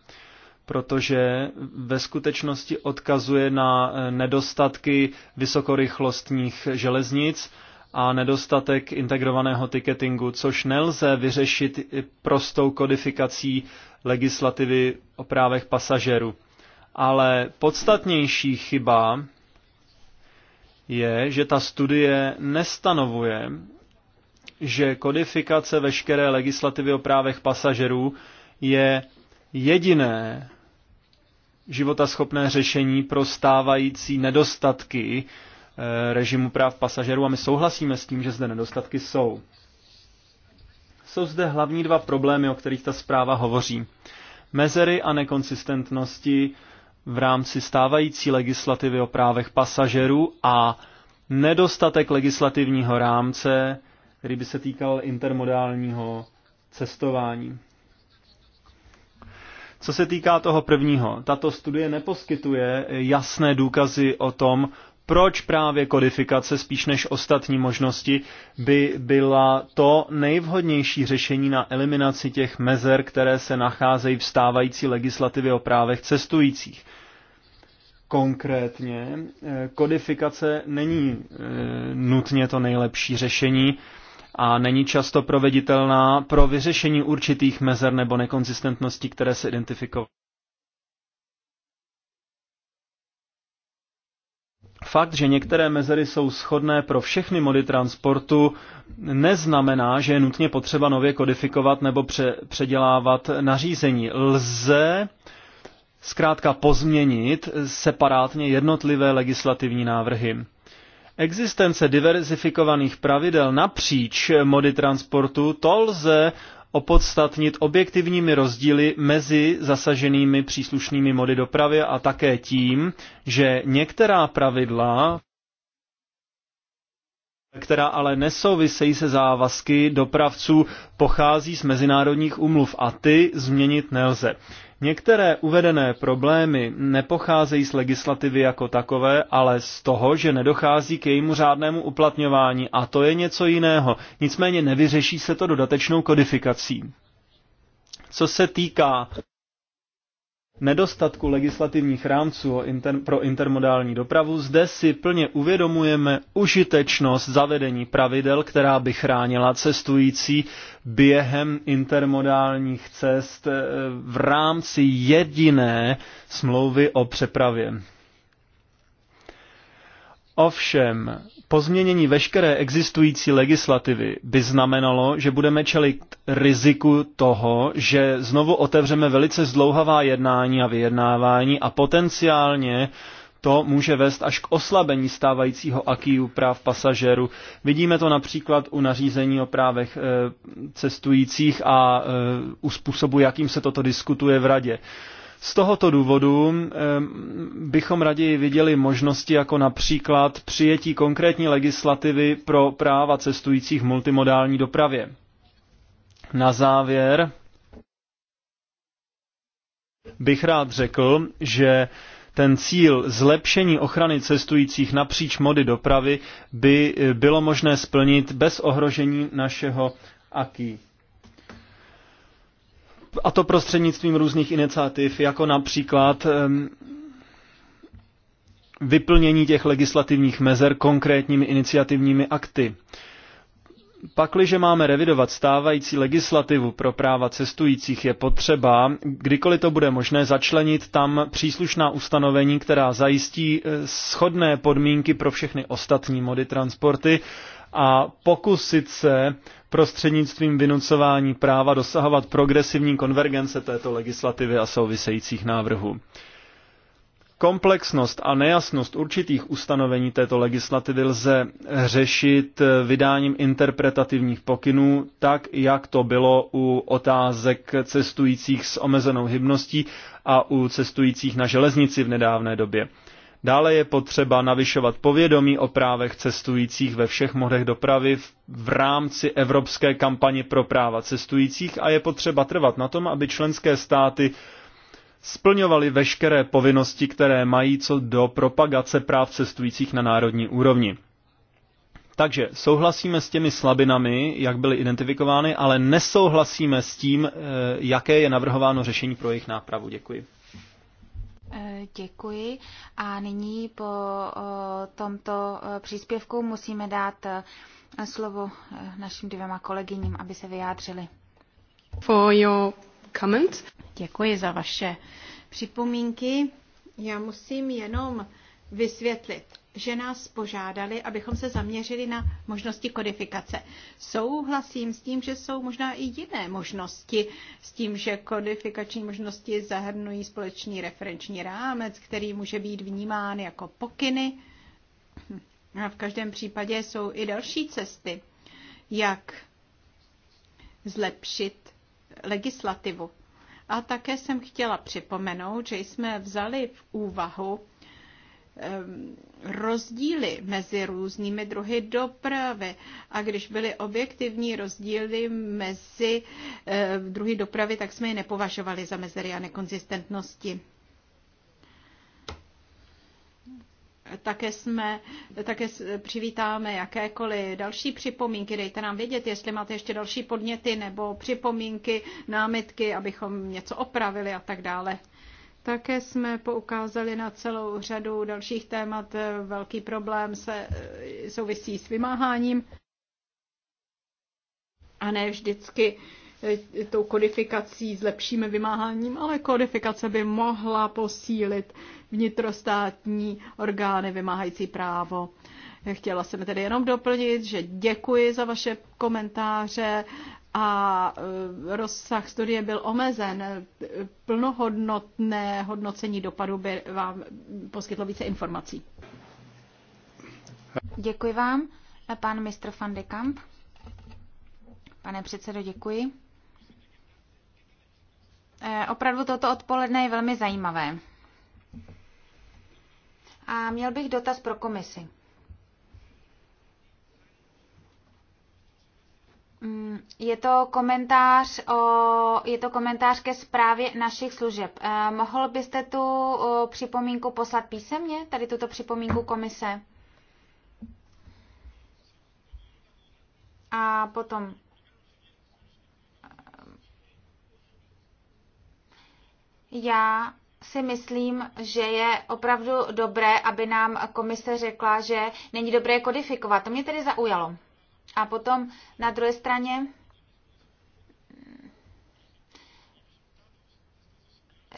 protože ve skutečnosti odkazuje na eh, nedostatky vysokorychlostních železnic a nedostatek integrovaného ticketingu, což nelze vyřešit prostou kodifikací legislativy o právech pasažerů. Ale podstatnější chyba je, že ta studie nestanovuje, že kodifikace veškeré legislativy o právech pasažerů je jediné životaschopné řešení pro stávající nedostatky eh, režimu práv pasažerů a my souhlasíme s tím, že zde nedostatky jsou. Jsou zde hlavní dva problémy, o kterých ta zpráva hovoří. Mezery a nekonsistentnosti v rámci stávající legislativy o právech pasažerů a nedostatek legislativního rámce, který by se týkal intermodálního cestování. Co se týká toho prvního, tato studie neposkytuje jasné důkazy o tom, proč právě kodifikace spíš než ostatní možnosti by byla to nejvhodnější řešení na eliminaci těch mezer, které se nacházejí v stávající legislativě o právech cestujících. Konkrétně eh, kodifikace není eh, nutně to nejlepší řešení, a není často proveditelná pro vyřešení určitých mezer nebo nekonzistentností, které se identifikovaly. Fakt, že některé mezery jsou shodné pro všechny mody transportu, neznamená, že je nutně potřeba nově kodifikovat nebo pře- předělávat nařízení. Lze zkrátka pozměnit separátně jednotlivé legislativní návrhy. Existence diverzifikovaných pravidel napříč mody transportu to lze opodstatnit objektivními rozdíly mezi zasaženými příslušnými mody dopravy a také tím, že některá pravidla, která ale nesouvisejí se závazky dopravců, pochází z mezinárodních umluv a ty změnit nelze. Některé uvedené problémy nepocházejí z legislativy jako takové, ale z toho, že nedochází k jejímu řádnému uplatňování a to je něco jiného. Nicméně nevyřeší se to dodatečnou kodifikací. Co se týká nedostatku legislativních rámců inter, pro intermodální dopravu, zde si plně uvědomujeme užitečnost zavedení pravidel, která by chránila cestující během intermodálních cest eh, v rámci jediné smlouvy o přepravě. Ovšem, pozměnění veškeré existující legislativy by znamenalo, že budeme čelit riziku toho, že znovu otevřeme velice zdlouhavá jednání a vyjednávání a potenciálně to může vést až k oslabení stávajícího akýu práv pasažérů. Vidíme to například u nařízení o právech eh, cestujících a eh, u způsobu, jakým se toto diskutuje v radě. Z tohoto důvodu bychom raději viděli možnosti jako například přijetí konkrétní legislativy pro práva cestujících v multimodální dopravě. Na závěr bych rád řekl, že ten cíl zlepšení ochrany cestujících napříč mody dopravy by bylo možné splnit bez ohrožení našeho aký a to prostřednictvím různých iniciativ, jako například vyplnění těch legislativních mezer konkrétními iniciativními akty. Pakliže máme revidovat stávající legislativu pro práva cestujících, je potřeba, kdykoliv to bude možné, začlenit tam příslušná ustanovení, která zajistí eh, schodné podmínky pro všechny ostatní mody transporty a pokusit se prostřednictvím vynucování práva dosahovat progresivní konvergence této legislativy a souvisejících návrhů. Komplexnost a nejasnost určitých ustanovení této legislativy lze řešit vydáním interpretativních pokynů, tak jak to bylo u otázek cestujících s omezenou hybností a u cestujících na železnici v nedávné době. Dále je potřeba navyšovat povědomí o právech cestujících ve všech modech dopravy v, v rámci evropské kampaně pro práva cestujících a je potřeba trvat na tom, aby členské státy splňovaly veškeré povinnosti, které mají co do propagace práv cestujících na národní úrovni. Takže souhlasíme s těmi slabinami, jak byly identifikovány, ale nesouhlasíme s tím, eh, jaké je navrhováno řešení pro jejich nápravu. Děkuji. Eh, děkuji. A nyní po eh, tomto eh, příspěvku musíme dát slovo našim dvěma kolegyním, aby se vyjádřili. For your comment. Děkuji za vaše připomínky. Já musím jenom vysvětlit že nás požádali, abychom se zaměřili na možnosti kodifikace. Souhlasím s tím, že jsou možná i jiné možnosti, s tím, že kodifikační možnosti zahrnují společný referenční rámec, který může být vnímán jako pokyny. A v každém případě jsou i další cesty, jak zlepšit legislativu. A také jsem chtěla připomenout, že jsme vzali v úvahu rozdíly mezi různými druhy dopravy. A když byly objektivní rozdíly mezi druhy dopravy, tak jsme je nepovažovali za mezery a nekonzistentnosti. Také, jsme, také přivítáme jakékoliv další připomínky. Dejte nám vědět, jestli máte ještě další podněty nebo připomínky, námitky, abychom něco opravili a tak dále. Také jsme poukázali na celou řadu dalších témat. Velký problém se souvisí s vymáháním a ne vždycky eh, tou kodifikací zlepšíme vymáháním, ale kodifikace by mohla posílit vnitrostátní orgány vymáhající právo. Chtěla jsem tedy jenom doplnit, že děkuji za vaše komentáře a e, rozsah studie byl omezen. Plnohodnotné hodnocení dopadu by vám poskytlo více informací. Děkuji vám. Pan mistr van de Kamp. Pane předsedo, děkuji. E, opravdu toto odpoledne je velmi zajímavé. A měl bych dotaz pro komisi. Mm, je to komentář, o, je to komentář ke zprávě našich služeb. Eh, mohl byste tu připomínku poslat písemně, tady tuto připomínku komise? A potom eh, já si myslím, že je opravdu dobré, aby nám komise řekla, že není dobré kodifikovat. To mě tedy zaujalo. A potom na druhé straně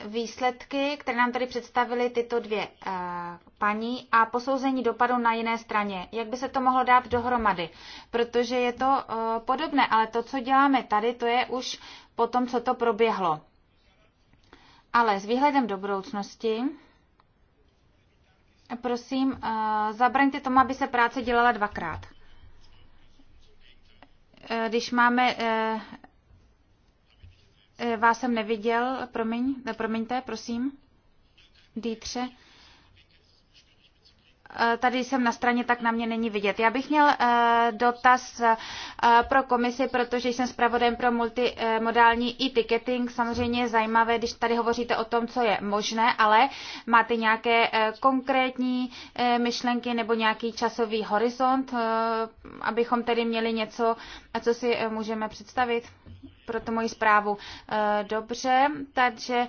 výsledky, které nám tady představily tyto dvě eh, paní a posouzení dopadu na jiné straně. Jak by se to mohlo dát dohromady? Protože je to eh, podobné, ale to, co děláme tady, to je už po tom, co to proběhlo. Ale s výhledem do budoucnosti, prosím, eh, zabraňte tomu, aby se práce dělala dvakrát. Eh, když máme eh, eh, Vás jsem neviděl, promiň, promiňte, prosím. Dítře, Eh, tady jsem na straně, tak na mě není vidět. Já bych měl eh, dotaz eh, pro komisi, protože jsem zpravodajem pro multimodální e-ticketing. Samozřejmě je zajímavé, když tady hovoříte o tom, co je možné, ale máte nějaké konkrétní myšlenky nebo nějaký časový horizont, abychom tedy měli něco, co si můžeme představit pro tu moji zprávu. Dobře, takže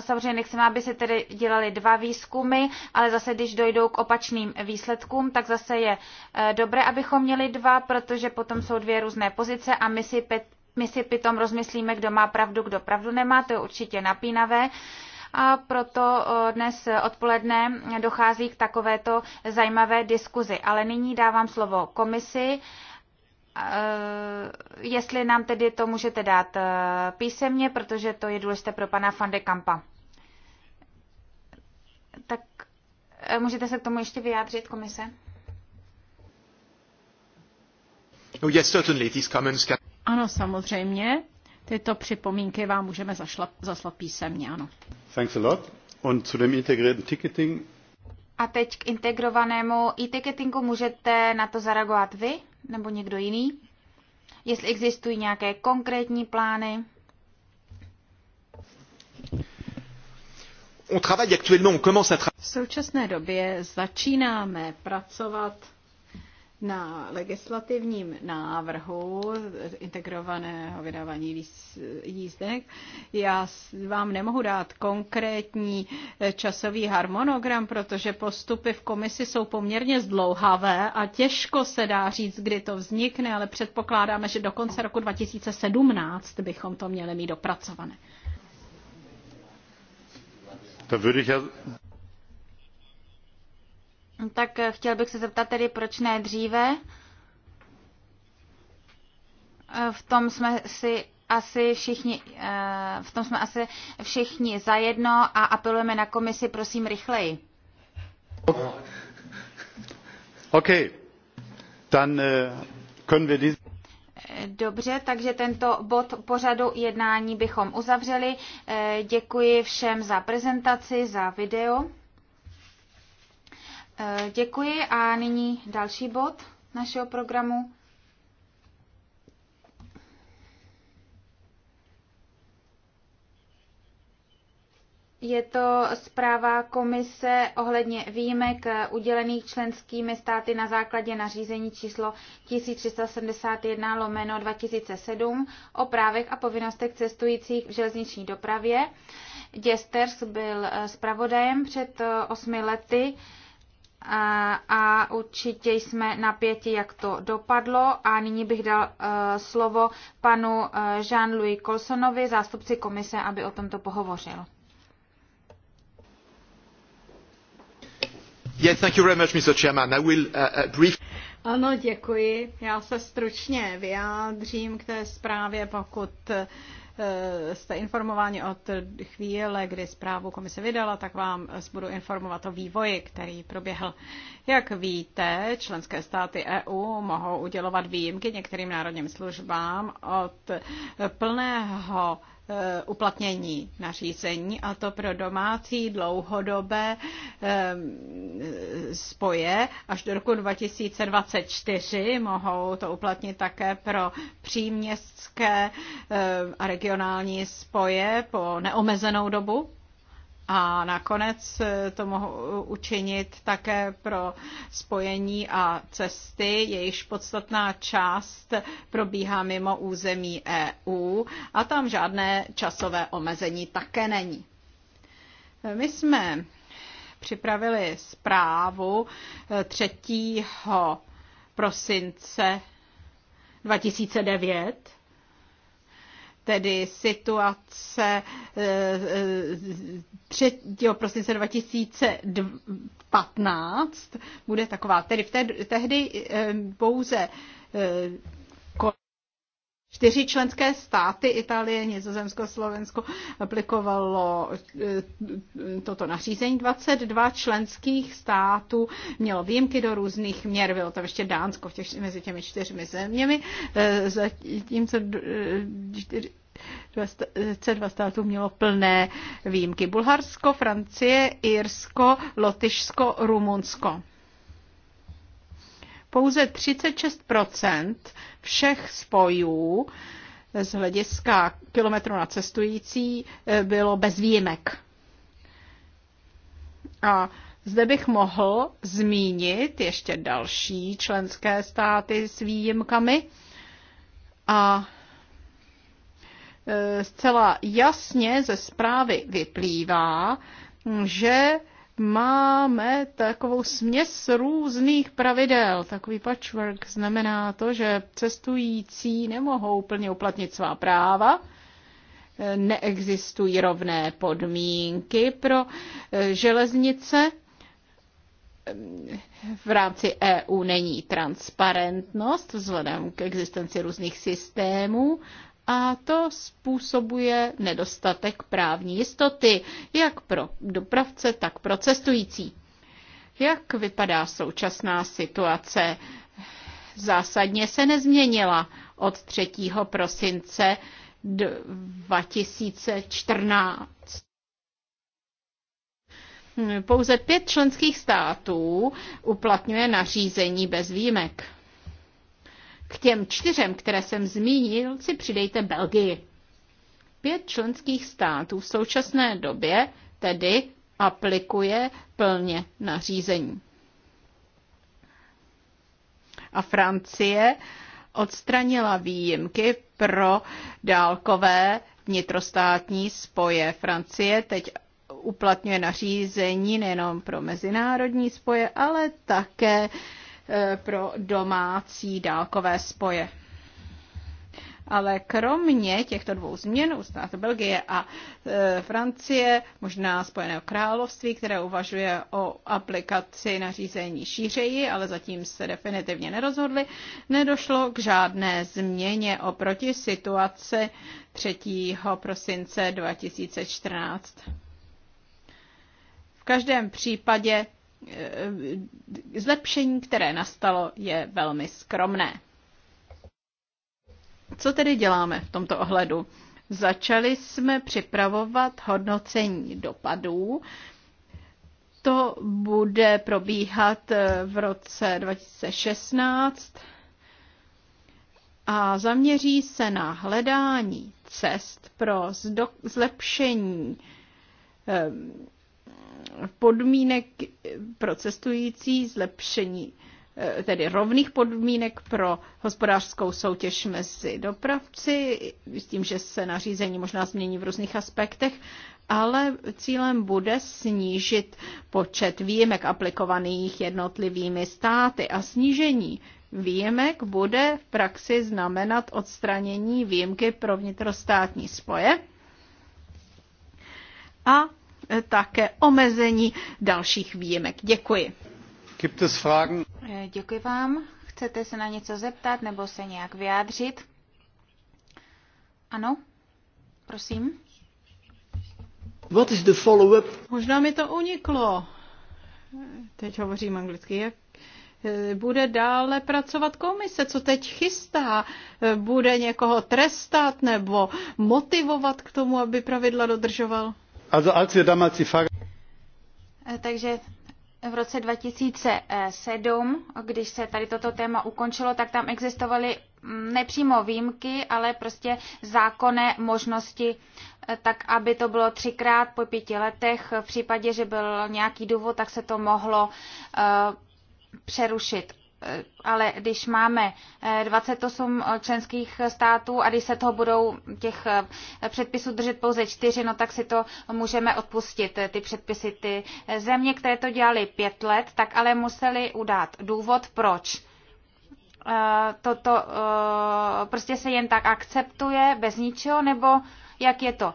Samozřejmě nechceme, aby se tedy dělaly dva výzkumy, ale zase, když dojdou k opačným výsledkům, tak zase je eh, dobré, abychom měli dva, protože potom jsou dvě různé pozice a my si, pet, my si pitom rozmyslíme, kdo má pravdu, kdo pravdu nemá. To je určitě napínavé a proto eh, dnes odpoledne dochází k takovéto zajímavé diskuzi. Ale nyní dávám slovo komisi Eh, jestli nám tedy to můžete dát eh, písemně, protože to je důležité pro pana van de Kampa. Tak eh, můžete se k tomu ještě vyjádřit, komise? Oh, yes, certainly. These comments can... Ano, samozřejmě. Tyto připomínky vám můžeme zašla, zaslat písemně, ano. Thanks a lot. On to the integrated ticketing. A teď k integrovanému e-ticketingu můžete na to zareagovat vy? nebo někdo jiný? Jestli existují nějaké konkrétní plány? V současné době začínáme pracovat na legislativním návrhu integrovaného vydávání jízdek. Já vám nemohu dát konkrétní eh, časový harmonogram, protože postupy v komisi jsou poměrně zdlouhavé a těžko se dá říct, kdy to vznikne, ale předpokládáme, že do konce roku 2017 bychom to měli mít dopracované. Da würde ich ja tak eh, chtěl bych se zeptat tedy, proč ne dříve? Eh, v tom jsme si asi všichni, eh, v tom jsme asi všichni zajedno a apelujeme na komisi, prosím, rychleji. OK. Dann können wir dies... Dobře, takže tento bod pořadu jednání bychom uzavřeli. Děkuji všem za prezentaci, za video. Eh, děkuji a nyní další bod našeho programu. Je to zpráva komise ohledně výjimek eh, udělených členskými státy na základě nařízení číslo 1371 lomeno 2007 o právech a povinnostech cestujících v železniční dopravě. Děsters byl eh, zpravodajem před osmi lety a určitě jsme napěti, jak to dopadlo. A nyní bych dal eh, slovo panu eh, Jean-Louis Colsonovi, zástupci komise, aby o tomto pohovořil. Yes, thank you very much, Mr. Chairman. I will, uh, brief... Ano, děkuji. Já se stručně vyjádřím k té zprávě, pokud uh, Eh, jste informováni od chvíle, kdy zprávu komise vydala, tak vám eh, budu informovat o vývoji, který proběhl. Jak víte, členské státy EU mohou udělovat výjimky některým národním službám od plného Eh, uplatnění nařízení, a to pro domácí dlouhodobé eh, spoje. Až do roku 2024 mohou to uplatnit také pro příměstské eh, a regionální spoje po neomezenou dobu a nakonec eh, to mohou eh, učinit také pro spojení a cesty, jejichž podstatná část probíhá mimo území EU a tam žádné časové omezení také není. Eh, my jsme připravili zprávu 3. prosince 2009 tedy situace 3. Eh, eh, prosince 2015 bude taková. Tedy v té, tehdy eh, pouze Čtyři členské státy, Itálie, Nizozemsko, Slovensko, aplikovalo e, toto nařízení. 22 členských států mělo výjimky do různých měr. Bylo tam ještě Dánsko těch, mezi těmi čtyřmi zeměmi, e, zatímco e, čtyři, 22 států mělo plné výjimky. Bulharsko, Francie, Irsko, Lotyšsko, Rumunsko pouze 36 všech spojů z hlediska kilometru na cestující eh, bylo bez výjimek. A zde bych mohl zmínit ještě další členské státy s výjimkami a eh, zcela jasně ze zprávy vyplývá, že máme takovou směs různých pravidel. Takový patchwork znamená to, že cestující nemohou plně uplatnit svá práva, neexistují rovné podmínky pro eh, železnice, v rámci EU není transparentnost vzhledem k existenci různých systémů a to způsobuje nedostatek právní jistoty, jak pro dopravce, tak pro cestující. Jak vypadá současná situace? Zásadně se nezměnila od 3. prosince 2014. Pouze pět členských států uplatňuje nařízení bez výjimek. K těm čtyřem, které jsem zmínil, si přidejte Belgii. Pět členských států v současné době tedy aplikuje plně nařízení. A Francie odstranila výjimky pro dálkové vnitrostátní spoje. Francie teď uplatňuje nařízení nejenom pro mezinárodní spoje, ale také E, pro domácí dálkové spoje. Ale kromě těchto dvou změn, uzná to Belgie a e, Francie, možná Spojeného království, které uvažuje o aplikaci nařízení šířeji, ale zatím se definitivně nerozhodli, nedošlo k žádné změně oproti situaci 3. prosince 2014. V každém případě Eh, zlepšení, které nastalo, je velmi skromné. Co tedy děláme v tomto ohledu? Začali jsme připravovat hodnocení dopadů. To bude probíhat eh, v roce 2016 a zaměří se na hledání cest pro zlepšení eh, podmínek pro cestující, zlepšení eh, tedy rovných podmínek pro hospodářskou soutěž mezi dopravci, s tím, že se nařízení možná změní v různých aspektech, ale cílem bude snížit počet výjimek aplikovaných jednotlivými státy a snížení výjimek bude v praxi znamenat odstranění výjimky pro vnitrostátní spoje a Eh, také omezení dalších výjimek. Děkuji. Gibt es Fragen? Eh, děkuji vám. Chcete se na něco zeptat nebo se nějak vyjádřit? Ano, prosím. What is the follow-up? Možná mi to uniklo. Teď hovořím anglicky. Jak eh, bude dále pracovat komise? Co teď chystá? Bude někoho trestat nebo motivovat k tomu, aby pravidla dodržoval? Eh, takže v roce 2007, když se tady toto téma ukončilo, tak tam existovaly mm, nepřímo výjimky, ale prostě zákonné možnosti, eh, tak aby to bylo třikrát po pěti letech. V případě, že byl nějaký důvod, tak se to mohlo eh, přerušit. Eh, ale když máme 28 eh, členských států a když se toho budou těch eh, předpisů držet pouze čtyři, no tak si to můžeme odpustit, ty předpisy. Ty země, které to dělali pět let, tak ale museli udat důvod, proč toto prostě se jen tak akceptuje bez ničeho, nebo jak je to.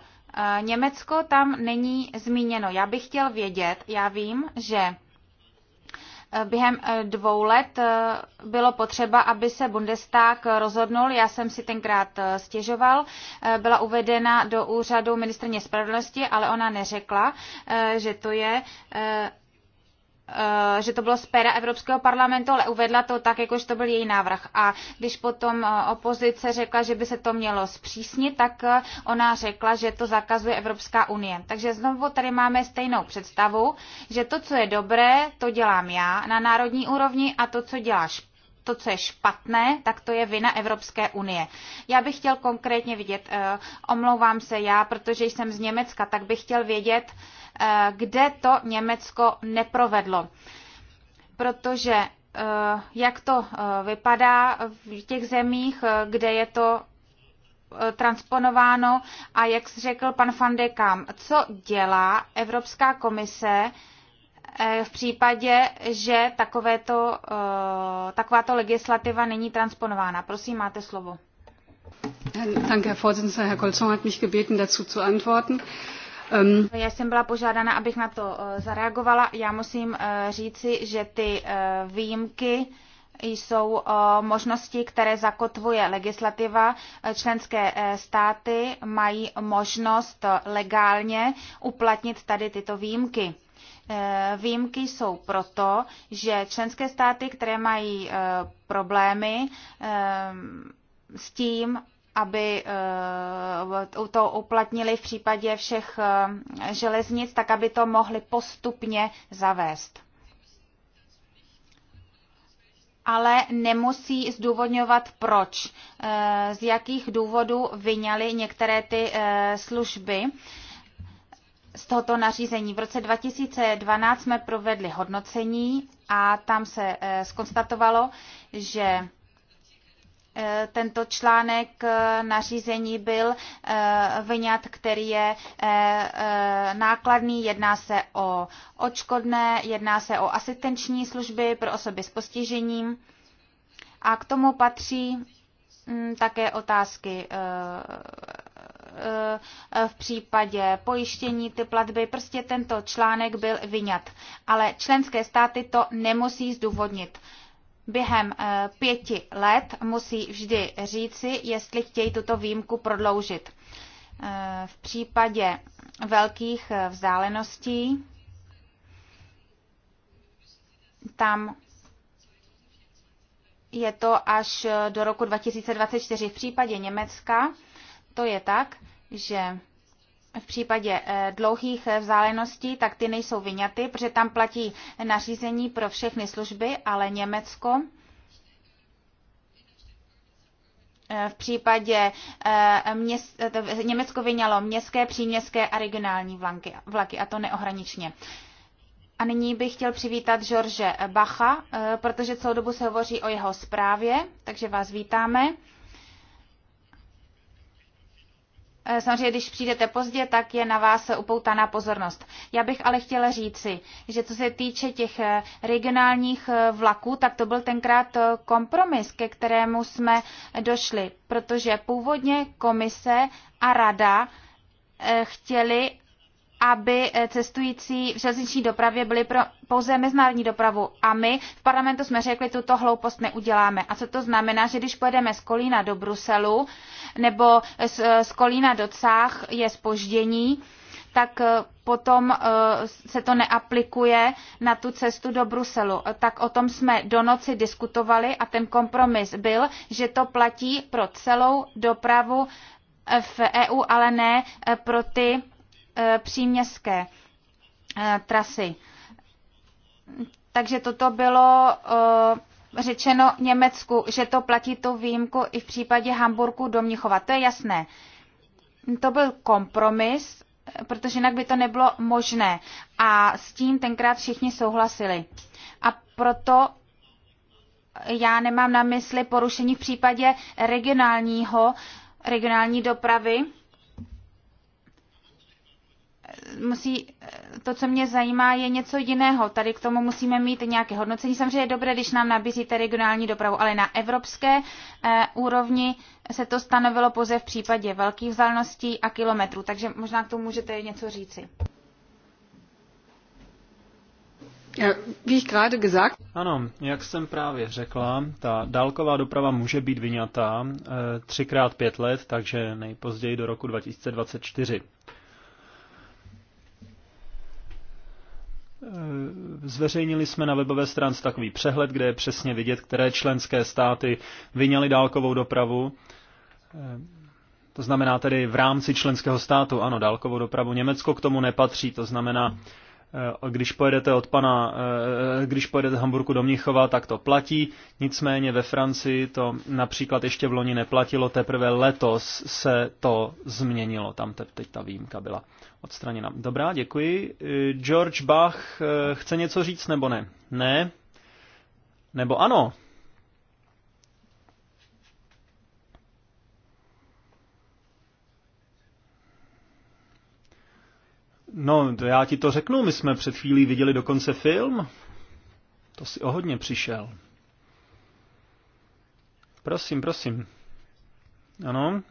Německo tam není zmíněno. Já bych chtěl vědět, já vím, že během eh, dvou let eh, bylo potřeba, aby se Bundestag rozhodnul. Já jsem si tenkrát eh, stěžoval. Byla uvedena do úřadu ministrně spravedlnosti, ale ona neřekla, že to je Eh, že to bylo z pera Evropského parlamentu, ale uvedla to tak, jakož to byl její návrh. A když potom eh, opozice řekla, že by se to mělo zpřísnit, tak eh, ona řekla, že to zakazuje Evropská unie. Takže znovu tady máme stejnou představu, že to, co je dobré, to dělám já na národní úrovni a to, co děláš to, co je špatné, tak to je vina Evropské unie. Já bych chtěl konkrétně vidět, omlouvám se já, protože jsem z Německa, tak bych chtěl vědět, Eh, kde to Německo neprovedlo. Protože eh, jak to eh, vypadá v těch zemích, kde je to transponováno a jak řekl pan van de Kam, co dělá Evropská komise v případě, že takovéto, takováto legislativa není transponována. Prosím, máte slovo. Danke, Herr Vorsitzender. Herr Colson hat mich gebeten, dazu zu antworten. Um... Já jsem byla požádána, abych na to eh, zareagovala. Já musím eh, říci, že ty eh, výjimky jsou možnosti, které zakotvuje legislativa. Členské státy mají možnost legálně uplatnit tady tyto výjimky. Výjimky jsou proto, že členské státy, které mají problémy s tím, aby eh, to uplatnili v případě všech eh, železnic, tak aby to mohli postupně zavést. Ale nemusí zdůvodňovat proč, eh, z jakých důvodů vyňali některé ty služby z tohoto nařízení. V roce 2012 jsme provedli hodnocení a tam se skonstatovalo, že Eh, tento článek eh, nařízení byl eh, vyňat, který je nákladný. Jedná se o očkodné, jedná se o asistenční služby pro osoby s postižením a k tomu patří mm, také otázky v případě pojištění ty platby. Prostě tento článek byl vyňat. Ale členské státy to nemusí zdůvodnit během eh, pěti let musí vždy říci, jestli chtějí tuto výjimku prodloužit. Eh, v případě velkých eh, vzdáleností tam je to až do roku 2024. V případě Německa to je tak, že v případě eh, dlouhých eh, vzdáleností, tak ty nejsou vyňaty, protože tam platí nařízení pro všechny služby, ale Německo eh, v případě měst, Německo vyňalo městské, příměstské a regionální vlaky, vlaky a to neohraničně. A nyní bych chtěl přivítat George Bacha, protože celou dobu se hovoří o jeho zprávě, takže vás vítáme. Eh, samozřejmě, když přijdete pozdě, tak je na vás upoutaná pozornost. Já bych ale chtěla říci, že co se týče těch eh, regionálních eh, vlaků, tak to byl tenkrát kompromis, ke kterému jsme došli, protože původně komise a rada chtěli, aby eh, cestující v železniční dopravě byli pro pouze mezinárodní dopravu. A my v parlamentu jsme řekli, tuto hloupost neuděláme. A co to znamená, že když pojedeme z Kolína do Bruselu nebo z, eh, z Kolína do Cách je spoždění, tak eh, potom se to neaplikuje na tu cestu do Bruselu. Tak o tom jsme do noci diskutovali a ten kompromis byl, že to platí pro celou dopravu v EU, ale ne pro ty E, příměstské e, trasy. Takže toto bylo e, řečeno Německu, že to platí tu výjimku i v případě Hamburku do Mnichova. To je jasné. To byl kompromis, protože jinak by to nebylo možné. A s tím tenkrát všichni souhlasili. A proto já nemám na mysli porušení v případě regionálního, regionální dopravy, musí, to, co mě zajímá, je něco jiného. Tady k tomu musíme mít nějaké hodnocení. Samozřejmě je dobré, když nám nabízíte regionální dopravu, ale na evropské eh, úrovni se to stanovilo pouze v případě velkých vzdáleností a kilometrů. Takže možná k tomu můžete něco říci. Ano, jak jsem právě řekla, ta dálková doprava může být vyňatá eh, třikrát pět let, takže nejpozději do roku 2024. Eh, zveřejnili jsme na webové stránce takový přehled, kde je přesně vidět, které členské státy vyňaly dálkovou dopravu. Eh, to znamená tedy v rámci členského státu, ano, dálkovou dopravu. Německo k tomu nepatří, to znamená, Eh, když pojedete od pana, eh, když pojedete z Hamburku do Mnichova, tak to platí. Nicméně ve Francii to například ještě v loni neplatilo, teprve letos se to změnilo. Tam teď ta výjimka byla odstraněna. Dobrá, děkuji. Eh, George Bach chce něco říct nebo ne? Ne? Nebo ano? No, to já ti to řeknu, my jsme před chvílí viděli dokonce film. To si o hodně přišel. Prosím, prosím. Ano.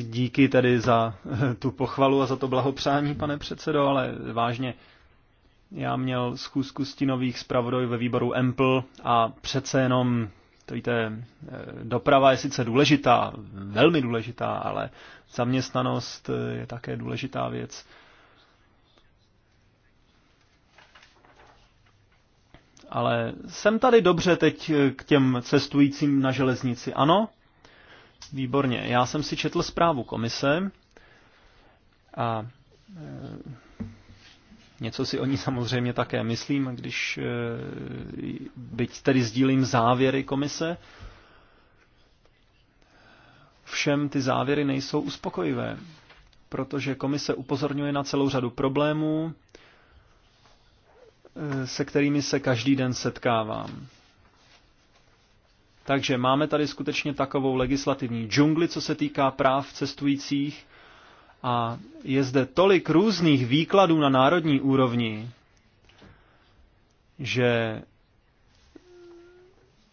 Díky tedy za tu pochvalu a za to blahopřání, pane předsedo, ale vážně, já měl schůzku stinových zpravodaj ve výboru Empl a přece jenom to víte, eh, doprava je sice důležitá, velmi důležitá, ale zaměstnanost eh, je také důležitá věc. Ale jsem tady dobře teď eh, k těm cestujícím na železnici. Ano? Výborně. Já jsem si četl zprávu komise a Něco si o ní samozřejmě také myslím, když eh, byť tedy sdílím závěry komise, všem ty závěry nejsou uspokojivé, protože komise upozorňuje na celou řadu problémů, eh, se kterými se každý den setkávám. Takže máme tady skutečně takovou legislativní džungli, co se týká práv cestujících, a je zde tolik různých výkladů na národní úrovni, že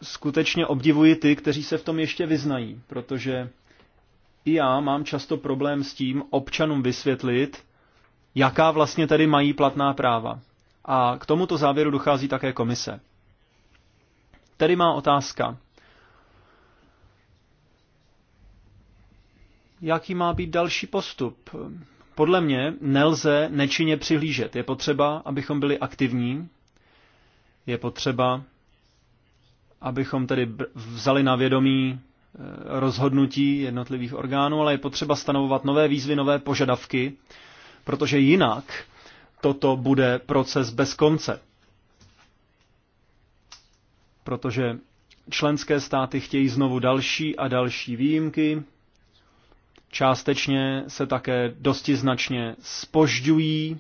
skutečně obdivuji ty, kteří se v tom ještě vyznají, protože i já mám často problém s tím občanům vysvětlit, jaká vlastně tedy mají platná práva. A k tomuto závěru dochází také komise. Tedy má otázka. jaký má být další postup. Podle mě nelze nečinně přihlížet. Je potřeba, abychom byli aktivní, je potřeba, abychom tedy vzali na vědomí e, rozhodnutí jednotlivých orgánů, ale je potřeba stanovovat nové výzvy, nové požadavky, protože jinak toto bude proces bez konce. Protože členské státy chtějí znovu další a další výjimky, částečně se také dosti značně spožďují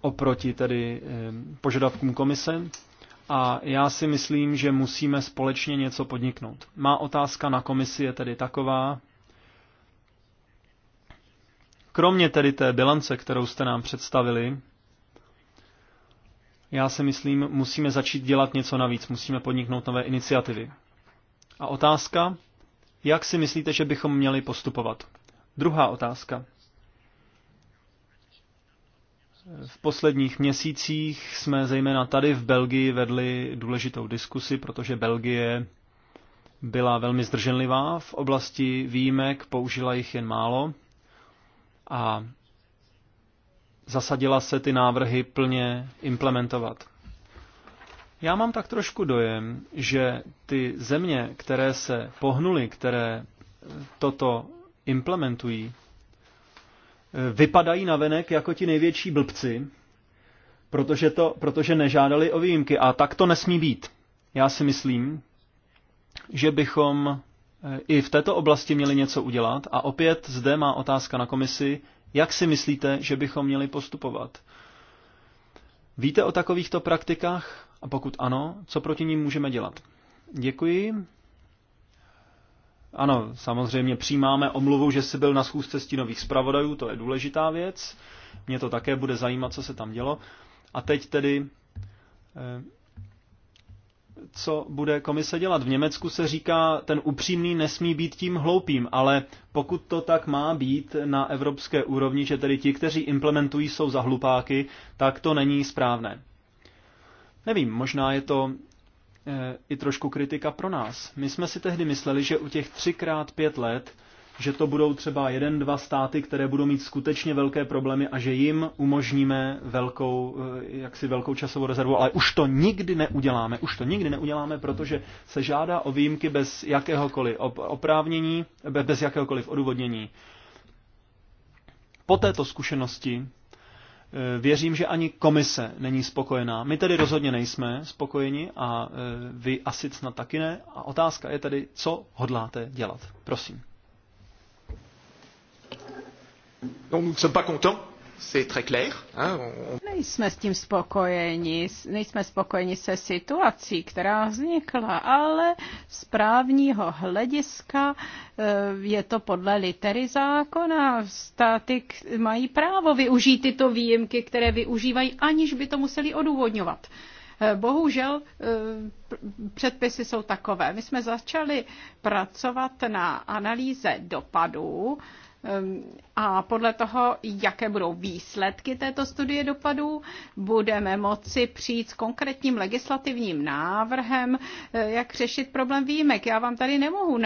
oproti tedy požadavkům komise a já si myslím, že musíme společně něco podniknout. Má otázka na komisi je tedy taková, kromě tedy té bilance, kterou jste nám představili, já si myslím, musíme začít dělat něco navíc, musíme podniknout nové iniciativy. A otázka, jak si myslíte, že bychom měli postupovat? Druhá otázka. V posledních měsících jsme zejména tady v Belgii vedli důležitou diskusi, protože Belgie byla velmi zdrženlivá v oblasti výjimek, použila jich jen málo a zasadila se ty návrhy plně implementovat. Já mám tak trošku dojem, že ty země, které se pohnuly, které toto implementují, eh, vypadají navenek jako ti největší blbci, protože, to, protože nežádali o výjimky. A tak to nesmí být. Já si myslím, že bychom eh, i v této oblasti měli něco udělat. A opět zde má otázka na komisi, jak si myslíte, že bychom měli postupovat. Víte o takovýchto praktikách? A pokud ano, co proti ním můžeme dělat? Děkuji. Ano, samozřejmě přijímáme omluvu, že jsi byl na schůzce stínových zpravodajů, to je důležitá věc. Mě to také bude zajímat, co se tam dělo. A teď tedy, eh, co bude komise dělat? V Německu se říká, ten upřímný nesmí být tím hloupým, ale pokud to tak má být na evropské úrovni, že tedy ti, kteří implementují, jsou za hlupáky, tak to není správné. Nevím, možná je to eh, i trošku kritika pro nás. My jsme si tehdy mysleli, že u těch třikrát pět let, že to budou třeba jeden, dva státy, které budou mít skutečně velké problémy a že jim umožníme velkou, eh, jaksi velkou časovou rezervu, ale už to nikdy neuděláme, už to nikdy neuděláme, protože se žádá o výjimky bez jakéhokoliv oprávnění, bez jakéhokoliv odůvodnění. Po této zkušenosti Eh, věřím, že ani komise není spokojená. My tedy rozhodně nejsme spokojeni a eh, vy asi snad taky ne. A otázka je tedy, co hodláte dělat. Prosím. Donc nous ne sommes pas contents c'est très clair. Hein, on... Nejsme s tím spokojeni, nejsme spokojeni se situací, která vznikla, ale z právního hlediska eh, je to podle litery zákona. Státy mají právo využít tyto výjimky, které využívají, aniž by to museli odůvodňovat. Eh, bohužel eh, předpisy jsou takové. My jsme začali pracovat na analýze dopadů Ehm, a podle toho, jaké budou výsledky této studie dopadů, budeme moci přijít s konkrétním legislativním návrhem, eh, jak řešit problém výjimek. Já vám tady nemohu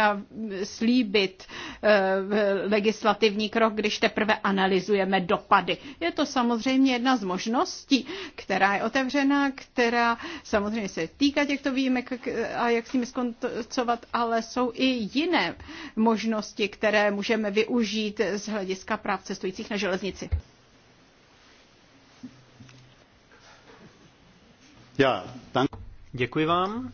slíbit eh, legislativní krok, když teprve analyzujeme dopady. Je to samozřejmě jedna z možností, která je otevřená, která samozřejmě se týká těchto výjimek eh, a jak s nimi skoncovat, ale jsou i jiné možnosti, které můžeme využít využít z hlediska práv cestujících na železnici. Já, tam... Děkuji vám.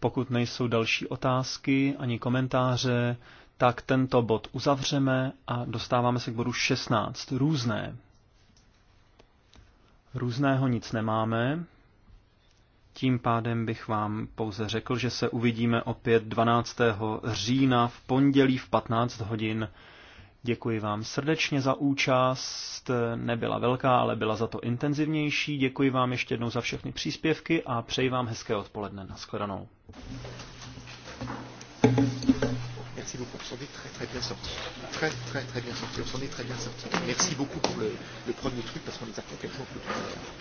Pokud nejsou další otázky ani komentáře, tak tento bod uzavřeme a dostáváme se k bodu 16. Různé. Různého nic nemáme. Tím pádem bych vám pouze řekl, že se uvidíme opět 12. října v pondělí v 15 hodin. Děkuji vám srdečně za účast, nebyla velká, ale byla za to intenzivnější. Děkuji vám ještě jednou za všechny příspěvky a přeji vám hezké odpoledne. Naschledanou. Merci beaucoup, vous sentez très très bien sorti. Très très très bien sorti, vous sentez très bien sorti. Merci beaucoup pour le, le premier truc parce qu'on les a complètement coupés.